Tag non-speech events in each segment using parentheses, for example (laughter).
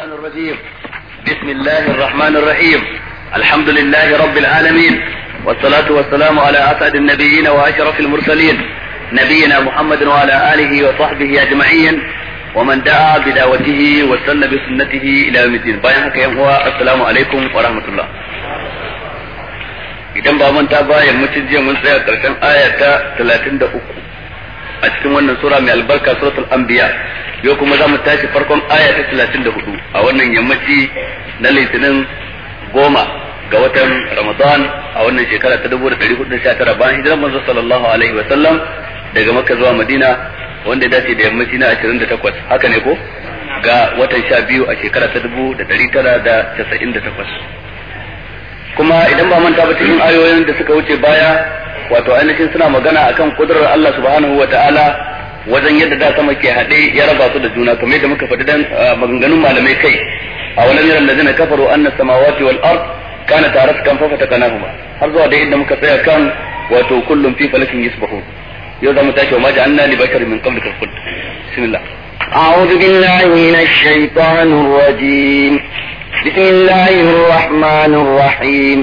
الشيطان الرجيم بسم الله الرحمن الرحيم الحمد لله رب العالمين والصلاة والسلام على أسعد النبيين وأشرف المرسلين نبينا محمد وعلى آله وصحبه أجمعين ومن دعا بدعوته وسن بسنته إلى يوم الدين بيان حكيم هو السلام عليكم ورحمة الله idan ba manta ba yammacin jiya mun آية 33 a cikin wannan sura mai albarka suratul anbiya yau kuma za mu tashi farkon aya ta 34 a wannan yammaci na litinin goma ga watan ramadan a wannan shekara ta dubu da hudu tara bayan hijiran manzo sallallahu alaihi wa sallam daga makka zuwa madina wanda ya dace da yammaci na ashirin da takwas haka ne ko ga watan sha biyu a shekara ta dubu da da da tara casa'in takwas. kuma idan ba manta ba cikin ayoyin da suka wuce baya wato ainihin suna magana akan kudurar Allah subhanahu wa ta'ala wajen yadda da sama ke haɗe ya raba su da juna kamar yadda muka faɗi dan ah, maganganun malamai kai a walan yaran da zina kafaru anna samawati wal ard kana taraskan fa fatakanahuma har zuwa da inda muka tsaya kan wato kullum fi falakin yusbahu yau zamu tashi wa ma ja'alna li bashar min qablika khuld bismillah أعوذ بالله من الشيطان الرجيم بسم الله الرحمن الرحيم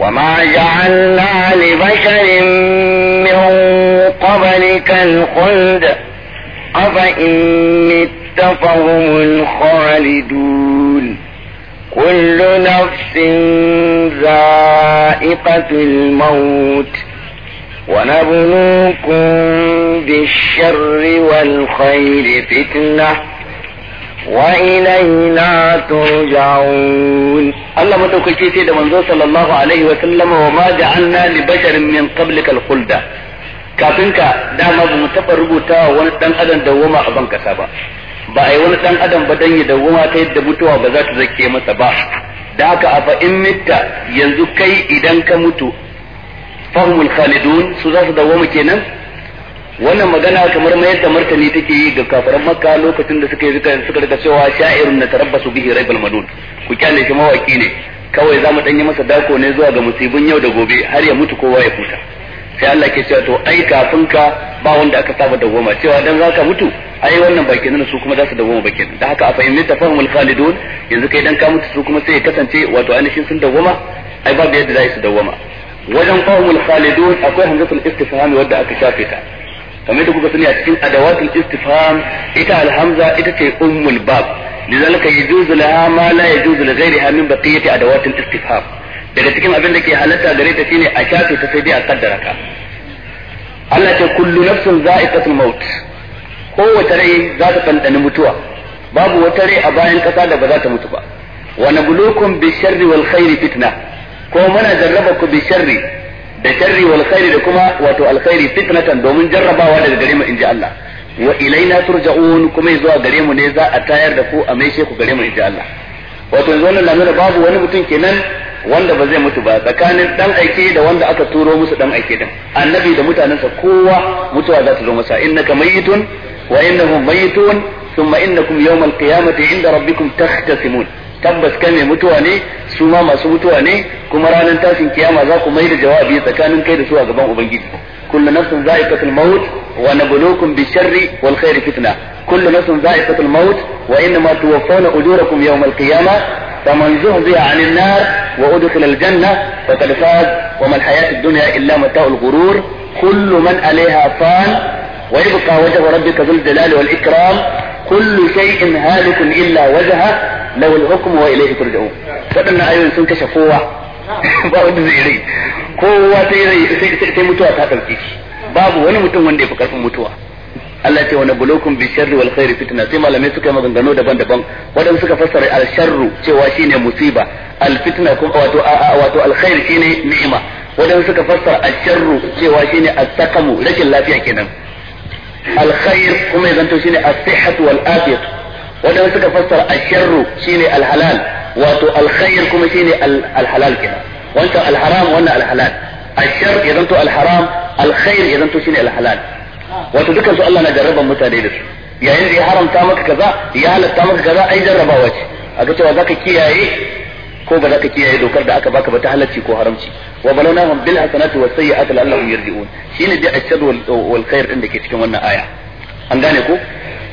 وما جعلنا لبشر من قبلك الخلد أفإن مت فهم الخالدون كل نفس ذائقة الموت ونبلوكم بالشر والخير فتنه وإلينا ترجعون الله مدوكي سيد منزو صلى الله عليه وسلم وما جعلنا لبشر من قبلك الخلدة kafinka dama ba mu taɓa rubuta wa wani ɗan adam dawwama a ban ba ba a yi wani ɗan adam ba dan ya dawwama ta yadda mutuwa ba za ta zake masa ba da haka a fa mitta yanzu kai idan ka mutu fahmul khalidun su za su dawwama kenan wannan magana kamar mai yadda martani take yi ga kafiran makka lokacin da suka yi suka daga cewa sha'irun na tarabbasu bihi raibal madud ku kyale shi mawaki ne kawai za mu danyi masa dako ne zuwa ga musibin yau da gobe har ya mutu kowa ya kuta. sai Allah ke cewa to ai kafin ka ba wanda aka saba dawoma cewa dan zaka mutu ai wannan ba ne su kuma za su dawoma ba da haka a fahimci fahimul khalidun yanzu kai dan ka mutu su kuma sai ya kasance wato ainihin sun dawoma ai babu yadda za su dawoma wajen fahimul khalidun akwai hanzatul istifham wadda aka shafe ta kamar da kuka sani a cikin adawatul istifham ita alhamza ita ce ummul bab lidhalika yajuzu laha ma la yajuzu li ghayriha min baqiyati adawatul istifham daga cikin abin da ke halatta gare ta shine a shafe ta sai dai a kaddara Allah ce kullu nafsin za'iqatul maut kowace rai za ta ɗanɗani mutuwa babu wata rai a bayan kasa da ba za ta mutu ba wa nabluukum bi sharri wal khairi fitna ko muna jarraba ku bi sharri da sharri wal khairi da kuma wato alkhairi fitnatan domin jarrabawa daga gare mu inji Allah wa ilaina turja'un kuma zuwa gare mu ne za a tayar da ku a maishe ku gare mu inji Allah wato yanzu wannan babu wani mutum kenan wanda ba zai mutu ba tsakanin dan aike da wanda aka turo musu dan aike din annabi da mutanensa kowa mutuwa za ta zo masa innaka mayitun wa innahum mayitun thumma innakum yawmal qiyamati inda rabbikum takhtasimun tabbas kai mai mutuwa ne su ma masu mutuwa ne kuma ranar tashin kiyama za ku mai da jawabi tsakanin kai da su a gaban ubangiji kullu nafsin za'iqatul maut wa nabluukum bi sharri wal khairi fitna kullu nafsin za'iqatul maut wa innama tuwaffawna ujurakum yawmal qiyamah faman zuhziha 'anil nar wa udkhila al janna faqad faz wa ma al hayatu ad-dunya illa mata'ul ghurur kullu man 'alayha fan ويبقى وجه ربك ذو الجلال والإكرام كل شيء هالك إلا وجهه lahul hukmu wa ilayhi turja'un waɗannan ayoyin sun kashe kowa ba wanda zai rai kowa sai rai sai mutuwa ta ɗauke shi babu wani mutum wanda ya fi karfin mutuwa Allah ce wani bulokun bi sharri wal khairi fitna sai malamai suka yi maganganu daban-daban wadan suka fassara al sharru cewa shine musiba al fitna kuma wato wato al khair shine ni'ima fassara sakamu rashin lafiya kenan al khair kuma yanzu shine as wadanda suka fassara asharru shine alhalal wato alkhair kuma shine alhalal kina wancan alharam wannan alhalal ashar idan to alharam alkhair idan to shine alhalal wato dukan su Allah na jarraban mutane da su yayin da ya haramta maka kaza ya halatta maka kaza ai jarrabawa ce a ga cewa zaka kiyaye ko ba za ka kiyaye dokar da aka baka ba ta halarci ko haramci wa balawnahum bil hasanati was sayyi'ati la'allahum yarji'un shine dai ashar wal khair din da ke cikin wannan aya an gane ko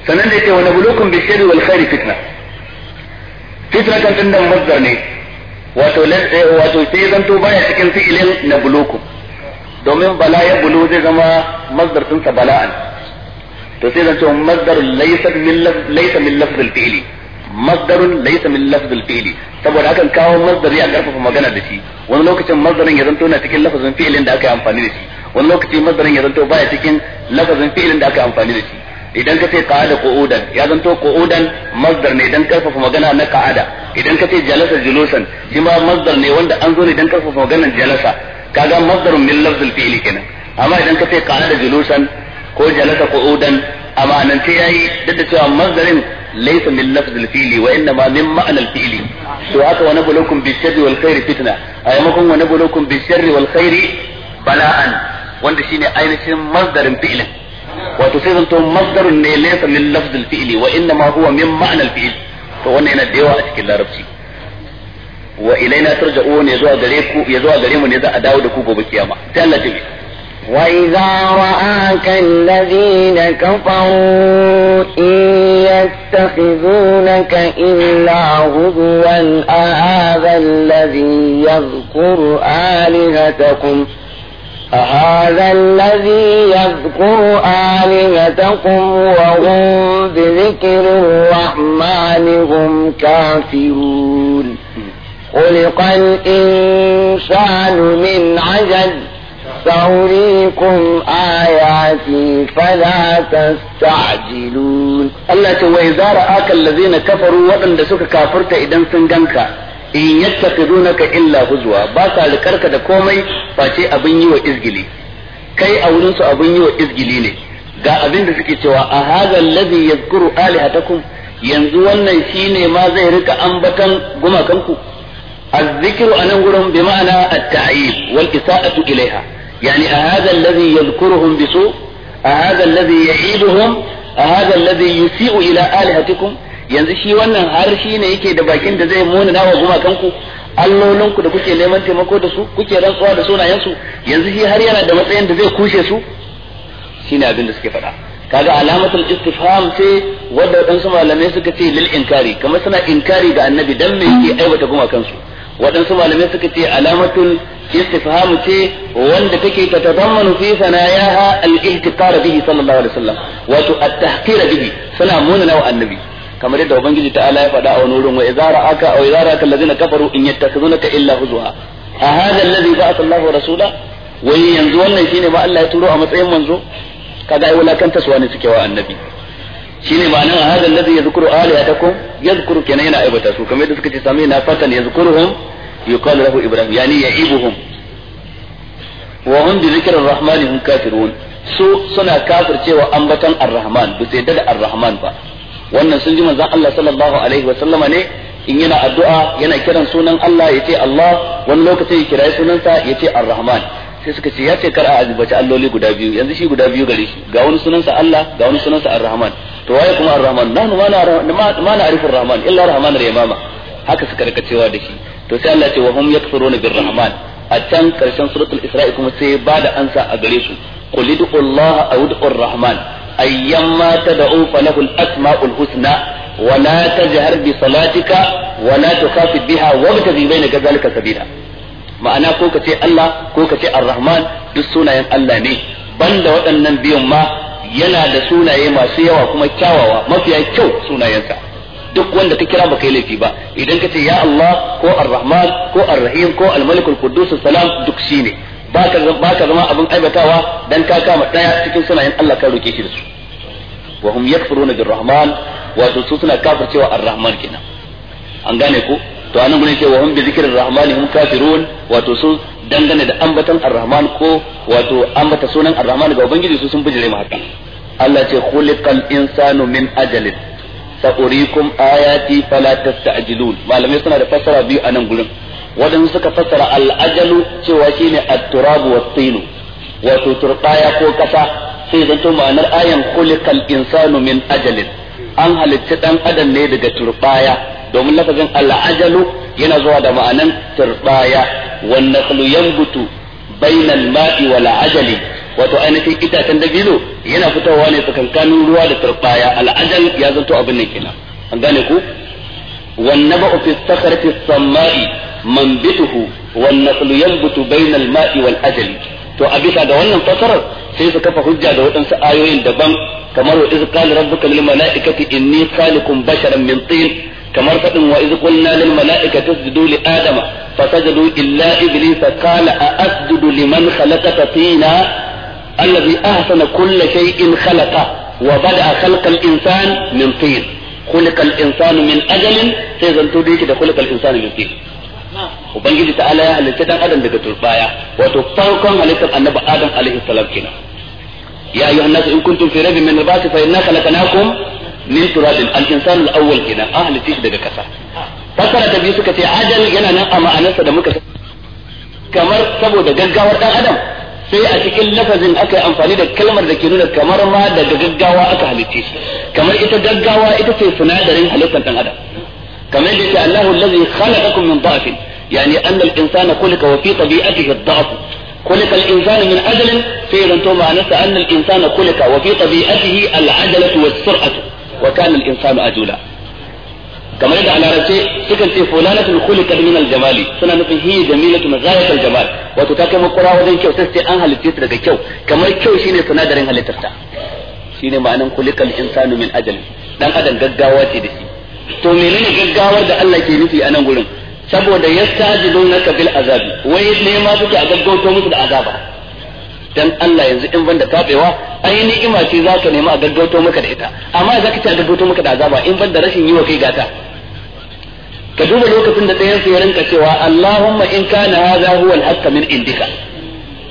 sannan da yake wa nabluukum bai sharri wal khairi fitna fitna kan din da mazdar ne wato eh, wato sai zanto baya cikin fi'ilin nabluukum domin bala ya bulu zai zama mazdar din sa bala'an to sai zanto mazdar laysa min laysa min saboda hakan kawo masdari a karfafa magana da shi wani lokacin masdarin ya zanto na cikin lafazin fi'ilin da aka yi amfani da shi wani lokaci masdarin ya zanto baya cikin da aka yi amfani da shi idan ka ce qa'ada qu'udan ya zanto qu'udan masdar ne dan karfafa magana na qa'ada idan ka ce jalasa julusan shi ma masdar ne wanda an zo ne dan karfafa maganar jalasa kaga masdarun min lafzul fi'li kenan amma idan ka ce qa'ada julusan ko jalasa qu'udan amma nan sai yayi da cewa masdarin laysa min lafzul fi'li wa inma min ma'anal fi'li to haka wa nabluukum bis-sharri wal khairi fitna ayyamakun wa nabluukum bis-sharri wal khairi bala'an wanda shine ainihin masdarin fi'lin wato sai zanto masdarun ne laysa min lafzil fi'li wa innama huwa min ma'na al-fi'l to wannan yana da yawa a cikin larabci wa ilaina tarja'un yazo gare ku yazo gare mu ne za a dawo da ku gobe kiyama sai Allah ta وإذا رآك الذين كفروا إن يتخذونك إلا هدوا أهذا الذي يذكر آلهتكم ۖ أهذا الذي يذكر آلهتكم وهم بذكر الرحمن هم كافرون خلق الإنسان من عجل سأريكم آياتي فلا تستعجلون الله إذا رآك الذين كفروا وأن دسوك كافرت إذا سنجنك in yattaqidunaka illa huzwa ba sa rikarka da komai face abin yi wa izgili kai a wurin su abin yi wa izgili ne ga abin da suke cewa a hadha alladhi yadhkuru alihatakum yanzu wannan shine ma zai rika ambatan gumakanku الذكر أنا أقولهم بمعنى التعيب والإساءة إليها يعني أهذا الذي يذكرهم بسوء أهذا الذي يعيبهم أهذا الذي يسيء إلى آلهتكم yanzu shi wannan har shi ne yake da bakin da zai munana wa gumakanku allolinku da kuke neman taimako da su kuke rantsuwa da sunayensu yanzu shi har yana da matsayin da zai kushe su shine abin da suke faɗa kaga alamatul istifham ce wanda waɗansu malamai suka ce lil inkari kamar suna inkari ga annabi dan me yake aiwata gumakansu waɗansu malamai suka ce alamatul istifham ce wanda take ta tazammanu fi sanayaha al-ihtiqar bihi sallallahu alaihi wasallam wato at-tahqir bihi suna munana wa annabi kamar yadda ubangiji ala ya faɗa a wani wurin wa idza ra'aka aw idza ra'aka allazina kafaru in yattakhizunaka illa huzwa a hadha allazi ba'atha Allah wa rasula wai yanzu wannan shine ba Allah ya turo a matsayin manzo kaga ai wulakanta taswa ne suke wa annabi shine ba nan hadha allazi yadhkuru alihatakum yadhkuru kenan yana aibata su kamar yadda suka ce sami na fatan yadhkuruhum yuqalu lahu ibrahim yani ya'ibuhum wa hum bi dhikri arrahmani hum kafirun su suna kafircewa ambatan arrahman bu sai da arrahman ba wannan sun ji manzon Allah sallallahu alaihi wa sallama ne in yana addu'a yana kiran sunan Allah yace Allah wani lokacin ya kira sunansa yace Ar-Rahman sai suka ce ya ce kar a azubaci alloli guda biyu yanzu shi guda biyu gare shi ga wani sunansa Allah ga wani sunansa Ar-Rahman to waye kuma Ar-Rahman nahnu ma na arifin rahman illa rahman al-Yamama haka suka rika cewa da shi to sai Allah ce wa hum yakfuruna bir-Rahman a can karshen suratul Isra'i kuma sai ba da ansa a gare su qul ud'u Allah aw ud'u Ar-Rahman أيما تدعو فله الأسماء الحسنى ولا تجهر بصلاتك ولا تخافت بها وابتغي بين ذلك سبيلا ma'ana ko ka ce Allah ko ka ce Ar-Rahman duk sunayen Allah ne banda waɗannan biyun ma yana da sunaye masu yawa kuma kyawawa mafiya kyau sunayensa duk wanda ka kira baka yi laifi ba idan ka ce ya Allah ko Ar-Rahman ko Ar-Rahim ko Al-Malik Al-Quddus Salam duk shine Ba ka zama abin aibatawa dan ka kama daya cikin sunayen Allah ka roke shi da su wa hum yakfuruna birrahman wato su suna kafircewa arrahman kenan an gane ko to anan gurin ce wa hum bi zikrir rahmani hum kafirun wato su dangane da ambatan arrahman ko wato ambata sunan arrahman ga ubangiji su sun bijire ma hakan Allah ce khuliqal insanu min ajalin sa'urikum ayati fala tasta'jilun malamai suna da fassara biyu anan gurin waɗansu suka fassara al'ajalu cewa shine at-turabu wa tinu wato turbaya ko kasa sai zanto ma'anar ayan khuliqal insanu min ajalin an halitta dan adam ne daga turbaya domin lafazin al'ajalu yana zuwa da ma'anan turbaya wan nakhlu yanbutu bainal ma'i wal ajali wato ainihin itacen dabino yana fitowa ne tsakankanin ruwa da turbaya al'ajal ya zanto abin nan kenan an gane ku wan nabu fi sakhrati samai manbituhu wan naqlu yanbutu bainal ma'i ajali to a bisa da wannan fasarar sai su kafa hujja da waɗansu ayoyin daban kamar wa iz qala rabbuka lil mala'ikati inni khaliqun basharan min tin kamar faɗin wa iz qulna lil mala'ikati isjudu li adama fasajadu illa iblis qala a asjudu liman khalaqata tina alladhi ahsana kulla shay'in in wa bada'a khalqal insan min tin خلق الإنسان من أجل سيزن توديك ده خلق الإنسان من طين ubangiji ta'ala ya halitta dan adam daga turbaya wato farkon halittar annabi adam alaihi salam kenan ya ayu nasu in kuntum fi rabbin min al-ba'th fa inna khalaqnakum min turabin al-insan al-awwal kenan ahli halitta daga kasa fasara ta biyu suka ce ajal yana nan a ma'anarsa da muka kamar saboda gaggawar dan adam sai a cikin lafazin aka yi amfani da kalmar da ke nuna kamar ma daga gaggawa aka halitta kamar ita gaggawa ita ce sinadarin halittar dan adam كما جئت الله الذي خلقكم من ضعف يعني ان الانسان خلق وفي طبيعته الضعف خلق الانسان من أجل فعلا ثم معناته ان الانسان خلق وفي طبيعته العجلة والسرعة وكان الانسان أجولا كما يدعى على رجل سكن في فلانة خلق من الجمال سنة نفسه هي جميلة من غاية الجمال وتتاكى من قراءة وذين كيو تستي أنها لتيسر كيو كما يكيو شيني سنادرينها لترتع شيني معنى خلق الانسان من أجل لن أدن قد قاواتي بسي to menene gaggawar da Allah ke nufi a nan gurin saboda na bil azabi wai ne ma suke a gaggauto musu da azaba dan Allah yanzu in banda tabewa ai ni'ima ce ka nemi a gaggauto maka da ita amma ka ci a gaggauto maka da azaba in banda rashin yi wa kai gata ka duba lokacin da ɗayan su ya rinka cewa Allahumma in kana hadha huwa al-haqq min indika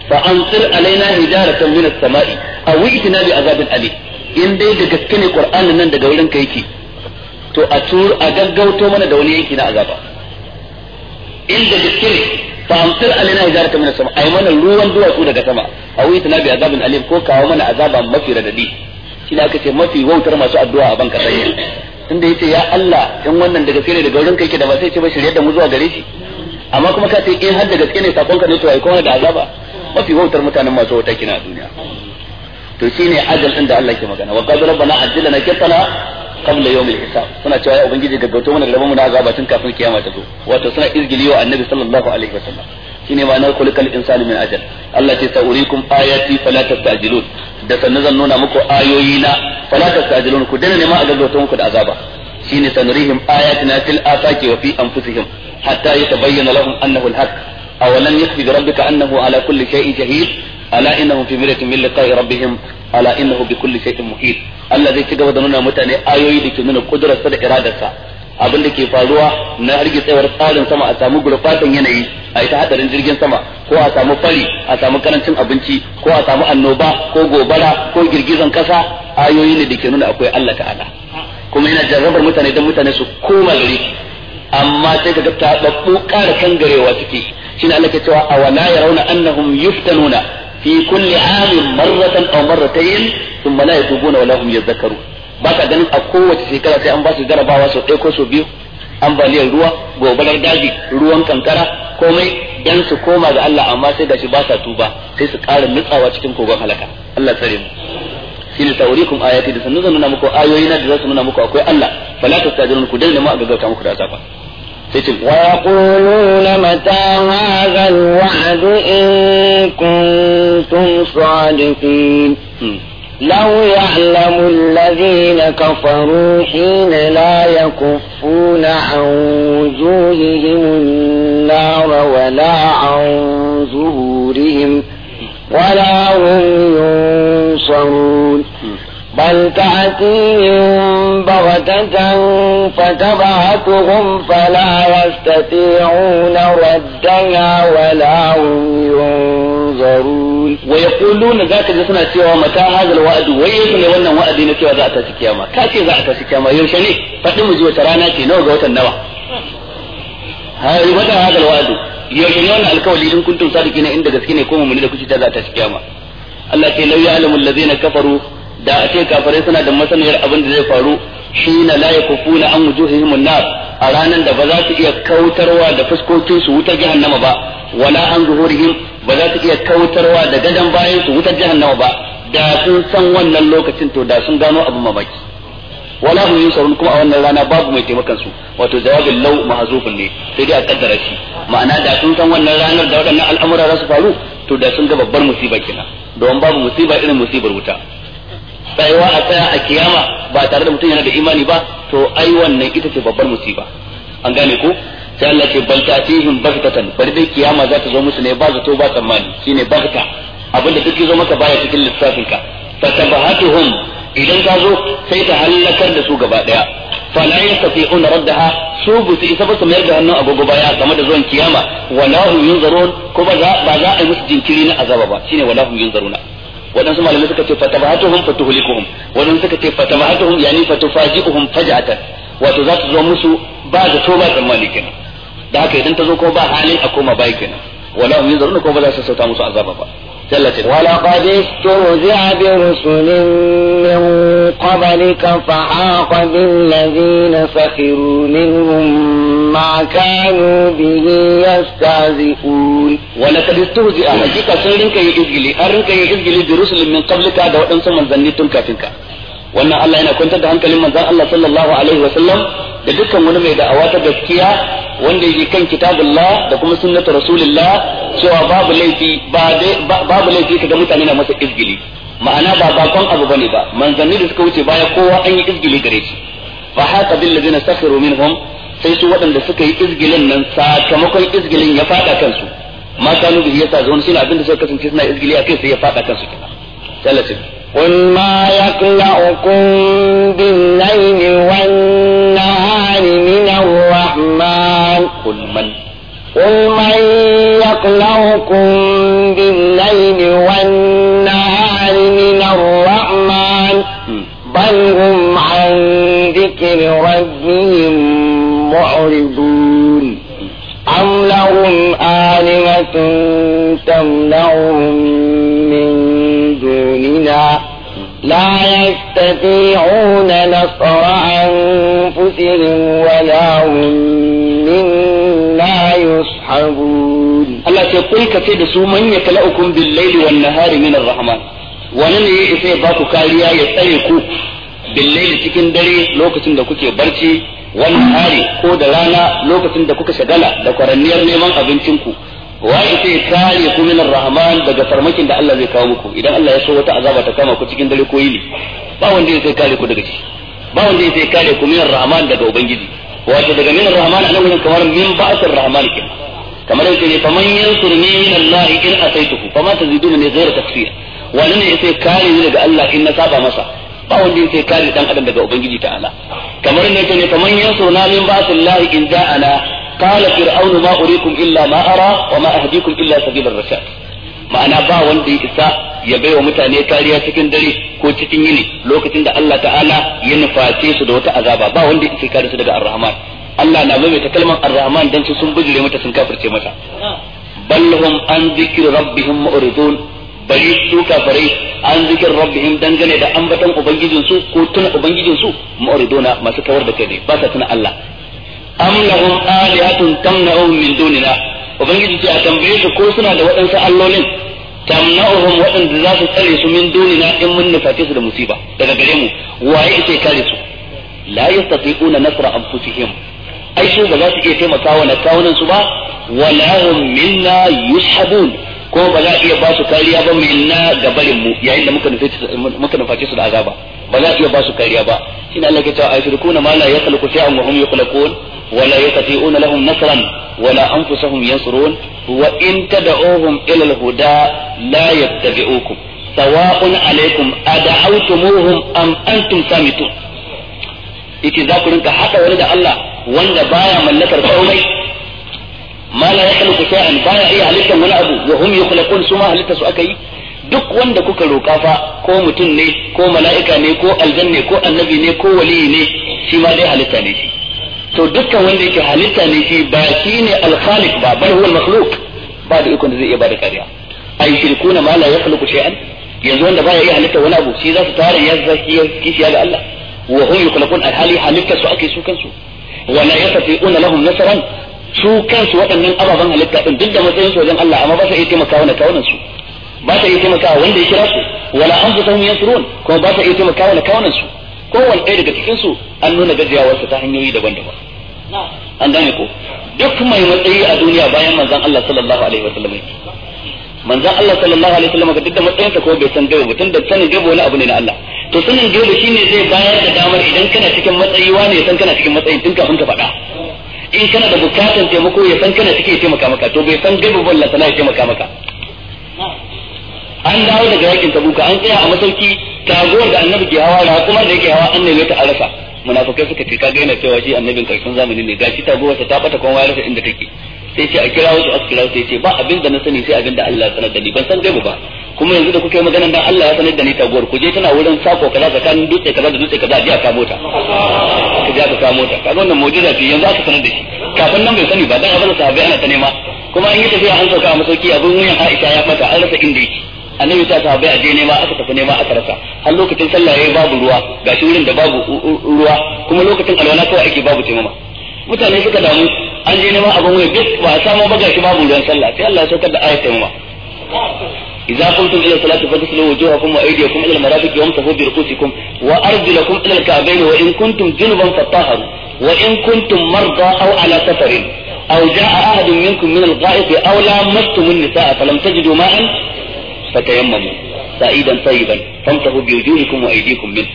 fa amtir alaina hijaratan min as-sama'i aw ijtina bi azabin Ali. in dai da gaske ne Qur'anin nan daga wurin ka yake to a tur a gaggauto mana da wani yanki na azaba inda gaske ne alina ya alaina hijaratan min sama ai mana ruwan duwatsu daga sama A wuyi itna bi azabin alim ko kawo mana azaba mafi radadi shine aka ce mafi wautar masu addu'a a banka sai tunda yace ya Allah in wannan daga gaske ne daga wurin kai ke da ba sai ce ba shirye da mu zuwa gare shi amma kuma ka ce in har da gaske ne sakon ka ne to ai kuma da azaba mafi wautar mutanen masu wata kina a duniya to shine ajal din da Allah ke magana wa qad rabbana ajjalna kitana qabla yawmil hisab suna cewa ya ubangiji gaggauto mana rabon mu na azaba tun kafin kiyama ta zo wato suna izgili wa annabi sallallahu alaihi wasallam shine ma'anar kulikal insani min ajal Allah ce sa'urikum ayati fala tastajilun da sannan zan nuna muku ayoyi na fala tastajilun ku dana ne ma a gaggauto muku da azaba shine sanurihim ayatina fil afaqi wa fi anfusihim hatta yatabayyana lahum annahu al-haq awalam yakfi bi rabbika annahu ala kulli shay'in shahid ala innahum fi miratin min liqa'i rabbihim ala innahu bi kulli shay'in muhit Allah zai ci gaba da nuna mutane ayoyi da ke nuna kudurarsa da iradarsa abin da ke faruwa na harge hargitsewar tsarin sama a samu gurbatan yanayi a ita hadarin jirgin sama ko a samu fari a samu karancin abinci ko a samu annoba ko gobara ko girgizan kasa ayoyi ne da ke nuna akwai Allah ta'ala kuma yana jarrabar mutane don mutane su koma gari amma sai ka ga ta babbu ƙara kangarewa take shine Allah ke cewa awala yarawna annahum yuftanuna fi kulli amin marratan aw marratayn thumma la yatubuna wa lahum yadhakkarun ba ka ganin a kowace shekara sai an ba su jarabawa sau ɗaya ko sau biyu ambaliyar ruwa gobarar daji ruwan kankara komai dan su koma ga Allah amma sai gashi ba sa tuba sai su ƙara nutsawa cikin kogon halaka Allah tsare mu shi ne tawrikum ayati da sannu zan nuna muku ayoyi na da za su nuna muku akwai Allah fala tastajirun ku dalilin ma a gauta muku da azaba ويقولون متى هذا الوعد إن كنتم صادقين لو يعلم الذين كفروا حين لا يكفون عن وجوههم النار ولا عن ظهورهم ولا هم ينصرون بل تأتيهم بغتة فتبعتهم فلا يستطيعون ردها ولا هم ينظرون ويقولون ذاك جسنا سوى متى هذا الوعد ويسن وانا وعد نسوى ذات سكيامة كاكي ذات سكيامة يرشني فتم جوة راناتي نوغة النوى هذا متى هذا الوعد يرشني وانا الكولي إن كنتم صادقين عند جسكين يكونوا من لكي تذات سكيامة التي لو يعلم الذين كفروا da a ce kafirai suna da masaniyar abin da zai faru shi laye kufu na an wujuhihim an-nar a ranar da ba za su iya kautarwa da fuskokin su wutar jahannama ba wala an zuhurihim ba za su iya kautarwa da gadan bayan su wutar jahannama ba da sun san wannan lokacin to da sun gano abu mamaki wala yi yunsarun kuma a wannan rana babu mai taimakan su wato jawabin lau mahzufun ne sai dai a kaddara shi ma'ana da sun san wannan ranar da waɗannan al'amura za su faru to da sun ga babbar musiba kenan don babu musiba irin musibar wuta tsayuwa a tsaya a kiyama ba tare da mutum yana da imani ba to ai wannan ita ce babbar musiba an gane ko sai Allah ce bal ta'tihim baghtatan bari dai kiyama za ta zo musu ne ba zato ba tsammani shine baghta abinda duk zo maka baya cikin lissafin ka tabahatuhum idan ka zo sai ta halakar da su gaba daya la yastati'un raddaha su bu su isa ba mayar da hannu agogo baya game da zuwan kiyama wala hum yunzarun ko ba za a yi musu jinkiri na azaba ba shine wala hum yunzaruna waɗansu malamai suka ce fatabahatuhum fatuhlikuhum waɗansu suka ce fatabahatuhum yani fatufaji'uhum faj'atan wato za ta zo musu ba da to ba tsammani kenan da haka idan ta zo ko ba halin a koma bai kenan wala hum zaruna ko ba za su sauta musu azaba ba ولقد استهزع برسل من قبلك فحاق بالذين سخروا منهم ما كانوا به يستهزئون ولقد استهزع حقيقة سرين كي يجلي أرن كي يجلي برسل من قبلك هذا وإنسان من ظنيتم كافنك وأن الله إن كنت دهنك لمن ذا الله صلى الله عليه وسلم da dukkan wani mai da'awa ta gaskiya wanda yake kan kitabullah da kuma sunnatu rasulullah cewa babu laifi babu laifi ga mutane na masa izgili ma'ana ba bakon abu bane ba manzanni da suka wuce baya kowa an yi izgili gare shi fa haka bil ladina sakhiru minhum sai su waɗanda suka yi izgilin nan sakamakon izgilin ya fada kansu ma kanu bi yasa suna abinda suka kasance suna izgili akai sai ya fada kansu kenan قل ما يقلعكم بالليل والنهار الرحمن قل من قل من يقلعكم بالليل والنهار من الرحمن بل هم عن ذكر ربهم معرضون أم لهم آلهة تمنعهم لا يستطيعون نصر أنفسهم ولا هم منا يصحبون الله سيقول كثير سو يكلأكم بالليل والنهار من الرحمن ولن يئسي باكو كاليا يتأيكو بالليل تكن داري لوكس دكوك يبرتي والنهار كود لانا لوكس دكوك سدلا دكورنير نيمان أبنتنكو wa ita ya kare ku min rahman daga farmakin da Allah zai kawo muku idan Allah ya so wata azaba ta kama ku cikin dare ko yini ba wanda ya sai kare ku daga shi ba wanda ya sai kare ku min rahman daga ubangiji wato daga min rahman anan wurin kamar min ba'sir rahman ke kamar yake ne faman yansurni min Allah in ataituhu fama taziduna ne ghayra tafsir wani ne ya sai kare ni daga Allah in na saba masa ba wanda ya sai kare dan adam daga ubangiji ta'ala kamar ne to ne faman na min ba'sillahi in ja'ana qala fir'aunu ma ma'ana ba wanda ya isa ya baiwa mutane kariya cikin dare ko cikin yini lokacin da Allah ta'ala ya nuface su da wata azaba ba wanda isa kare su daga ar-rahman Allah na ta kalmar ar-rahman dan su sun bijire mata sun kafirce mata ballahum an dhikri rabbihim mu'ridun bari su kafirai an zikir rabbihim dangane da ambaton ubangijin su ko tuna ubangijin su mu'riduna masu kawar da kai ne ba sa tuna Allah am lahum alihatun tamna'uhum min dunina ubangiji ce a tambaye su ko suna da waɗansu allolin tamna'uhum waɗanda za su tsare su min dunina in mun nuface su da musiba daga gare mu waye ce kare su la yastati'una nasra anfusihim ai su ba za su iya taimakawa na kawunan su ba wala hum minna yushabun ko ba za a iya ba su kariya ba minna ga barin mu yayin da muka nuface muka nuface su da azaba ba za a iya ba su kariya ba shine Allah ya ce a shirkuna ma la yakhluqu shay'an wa hum yakhluqun ولا يستطيعون لهم نصرا ولا أنفسهم ينصرون وإن تدعوهم إلى الهدى لا يتبعوكم سواء عليكم أدعوتموهم أم أنتم سامتون yake za ku rinka haɗa wani da Allah wanda baya mallakar komai ma la yakhluqu shay'an baya iya halittar wani abu wa hum yukhlaqun su su aka yi duk wanda kuka roƙa fa ko mutum ne ko mala'ika ne ko aljanne ko annabi ne ko waliyi ne shi ma dai halitta ne shi to dukkan wanda yake halitta ne shi ba shi ne alkhaliq ba bal huwa makhluq ba da ikon da zai iya bada kariya ay shirkuna ma la yakhluqu shay'an yanzu wanda baya iya halitta wani abu shi za su tare ya zaki ya kishiya ga Allah wa hum yukhlaqun alhali halitta su ake su kansu wa la yastati'una lahum nasran su kansu waɗannan ababen halitta din duk da matsayin su wajen Allah amma ba su iya taimakawa na kawunan su ba su iya taimakawa wanda ya kira su wala anfusahum yansurun kuma ba su iya taimakawa na kawunan su kowanne ɗaya daga cikin su an nuna gajiyawarsa ta hanyoyi daban-daban an gane ko duk mai matsayi a duniya bayan manzon Allah sallallahu alaihi wasallam manzon Allah sallallahu alaihi wasallam ga dukkan matsayin ka ko bai san gaibu tun da sanin gaibu wani abu ne na Allah to sanin shi shine zai bayar da damar idan kana cikin matsayi wani san kana cikin matsayi tun kafin ka faɗa in kana da bukatan taimako ya san kana cikin taimaka maka to bai san gaibu ba Allah sana ya taimaka maka an dawo daga yakin tabuka an tsaya a masauki taguwar da annabi ke hawa kuma da yake hawa an neme ta a munafukai suka ce kaga yana cewa shi annabin karshen zamani ne gashi gowa ta bata kuma ya rasa inda take sai ce a kira wasu a kira sai ce ba abin da na sani sai abin da Allah ya sanar da ni ban san gaibu ba kuma yanzu da kuka yi dan da Allah ya sanar da ni taguwar ku je tana wurin sako kaza tsakanin dutse kaza da dutse kaza jiya a mota ka jiya ka mota ka kaga wannan mu'jiza ce yanzu aka sanar da shi kafin nan bai sani ba dan abin sahabbai ana ta nema kuma an yi tafiya an sauka a masauki abin wuyan Aisha ya fata an rasa inda yake annabi ta sahabbai a je nema aka tafi nema aka rasa har lokacin sallah yayi babu ruwa gashi wurin da babu ruwa kuma lokacin alwala kawai ake babu taimama mutane suka damu an je nema abin ba a samu ba gashi babu ruwan sallah sai Allah ya saukar da ayat taimama إذا قمتم إلى الصلاة فاغسلوا وجوهكم وأيديكم إلى المرافق وامسحوا برؤوسكم in إلى الكعبين وإن كنتم جنبا فطهروا وإن كنتم مرضى أو على سفر أو جاء أحد منكم من الغائط أو لامستم النساء فلم تجدوا ma'an. fatayammamu sa'idan tayyiban famtahu bi wujuhikum wa aydikum min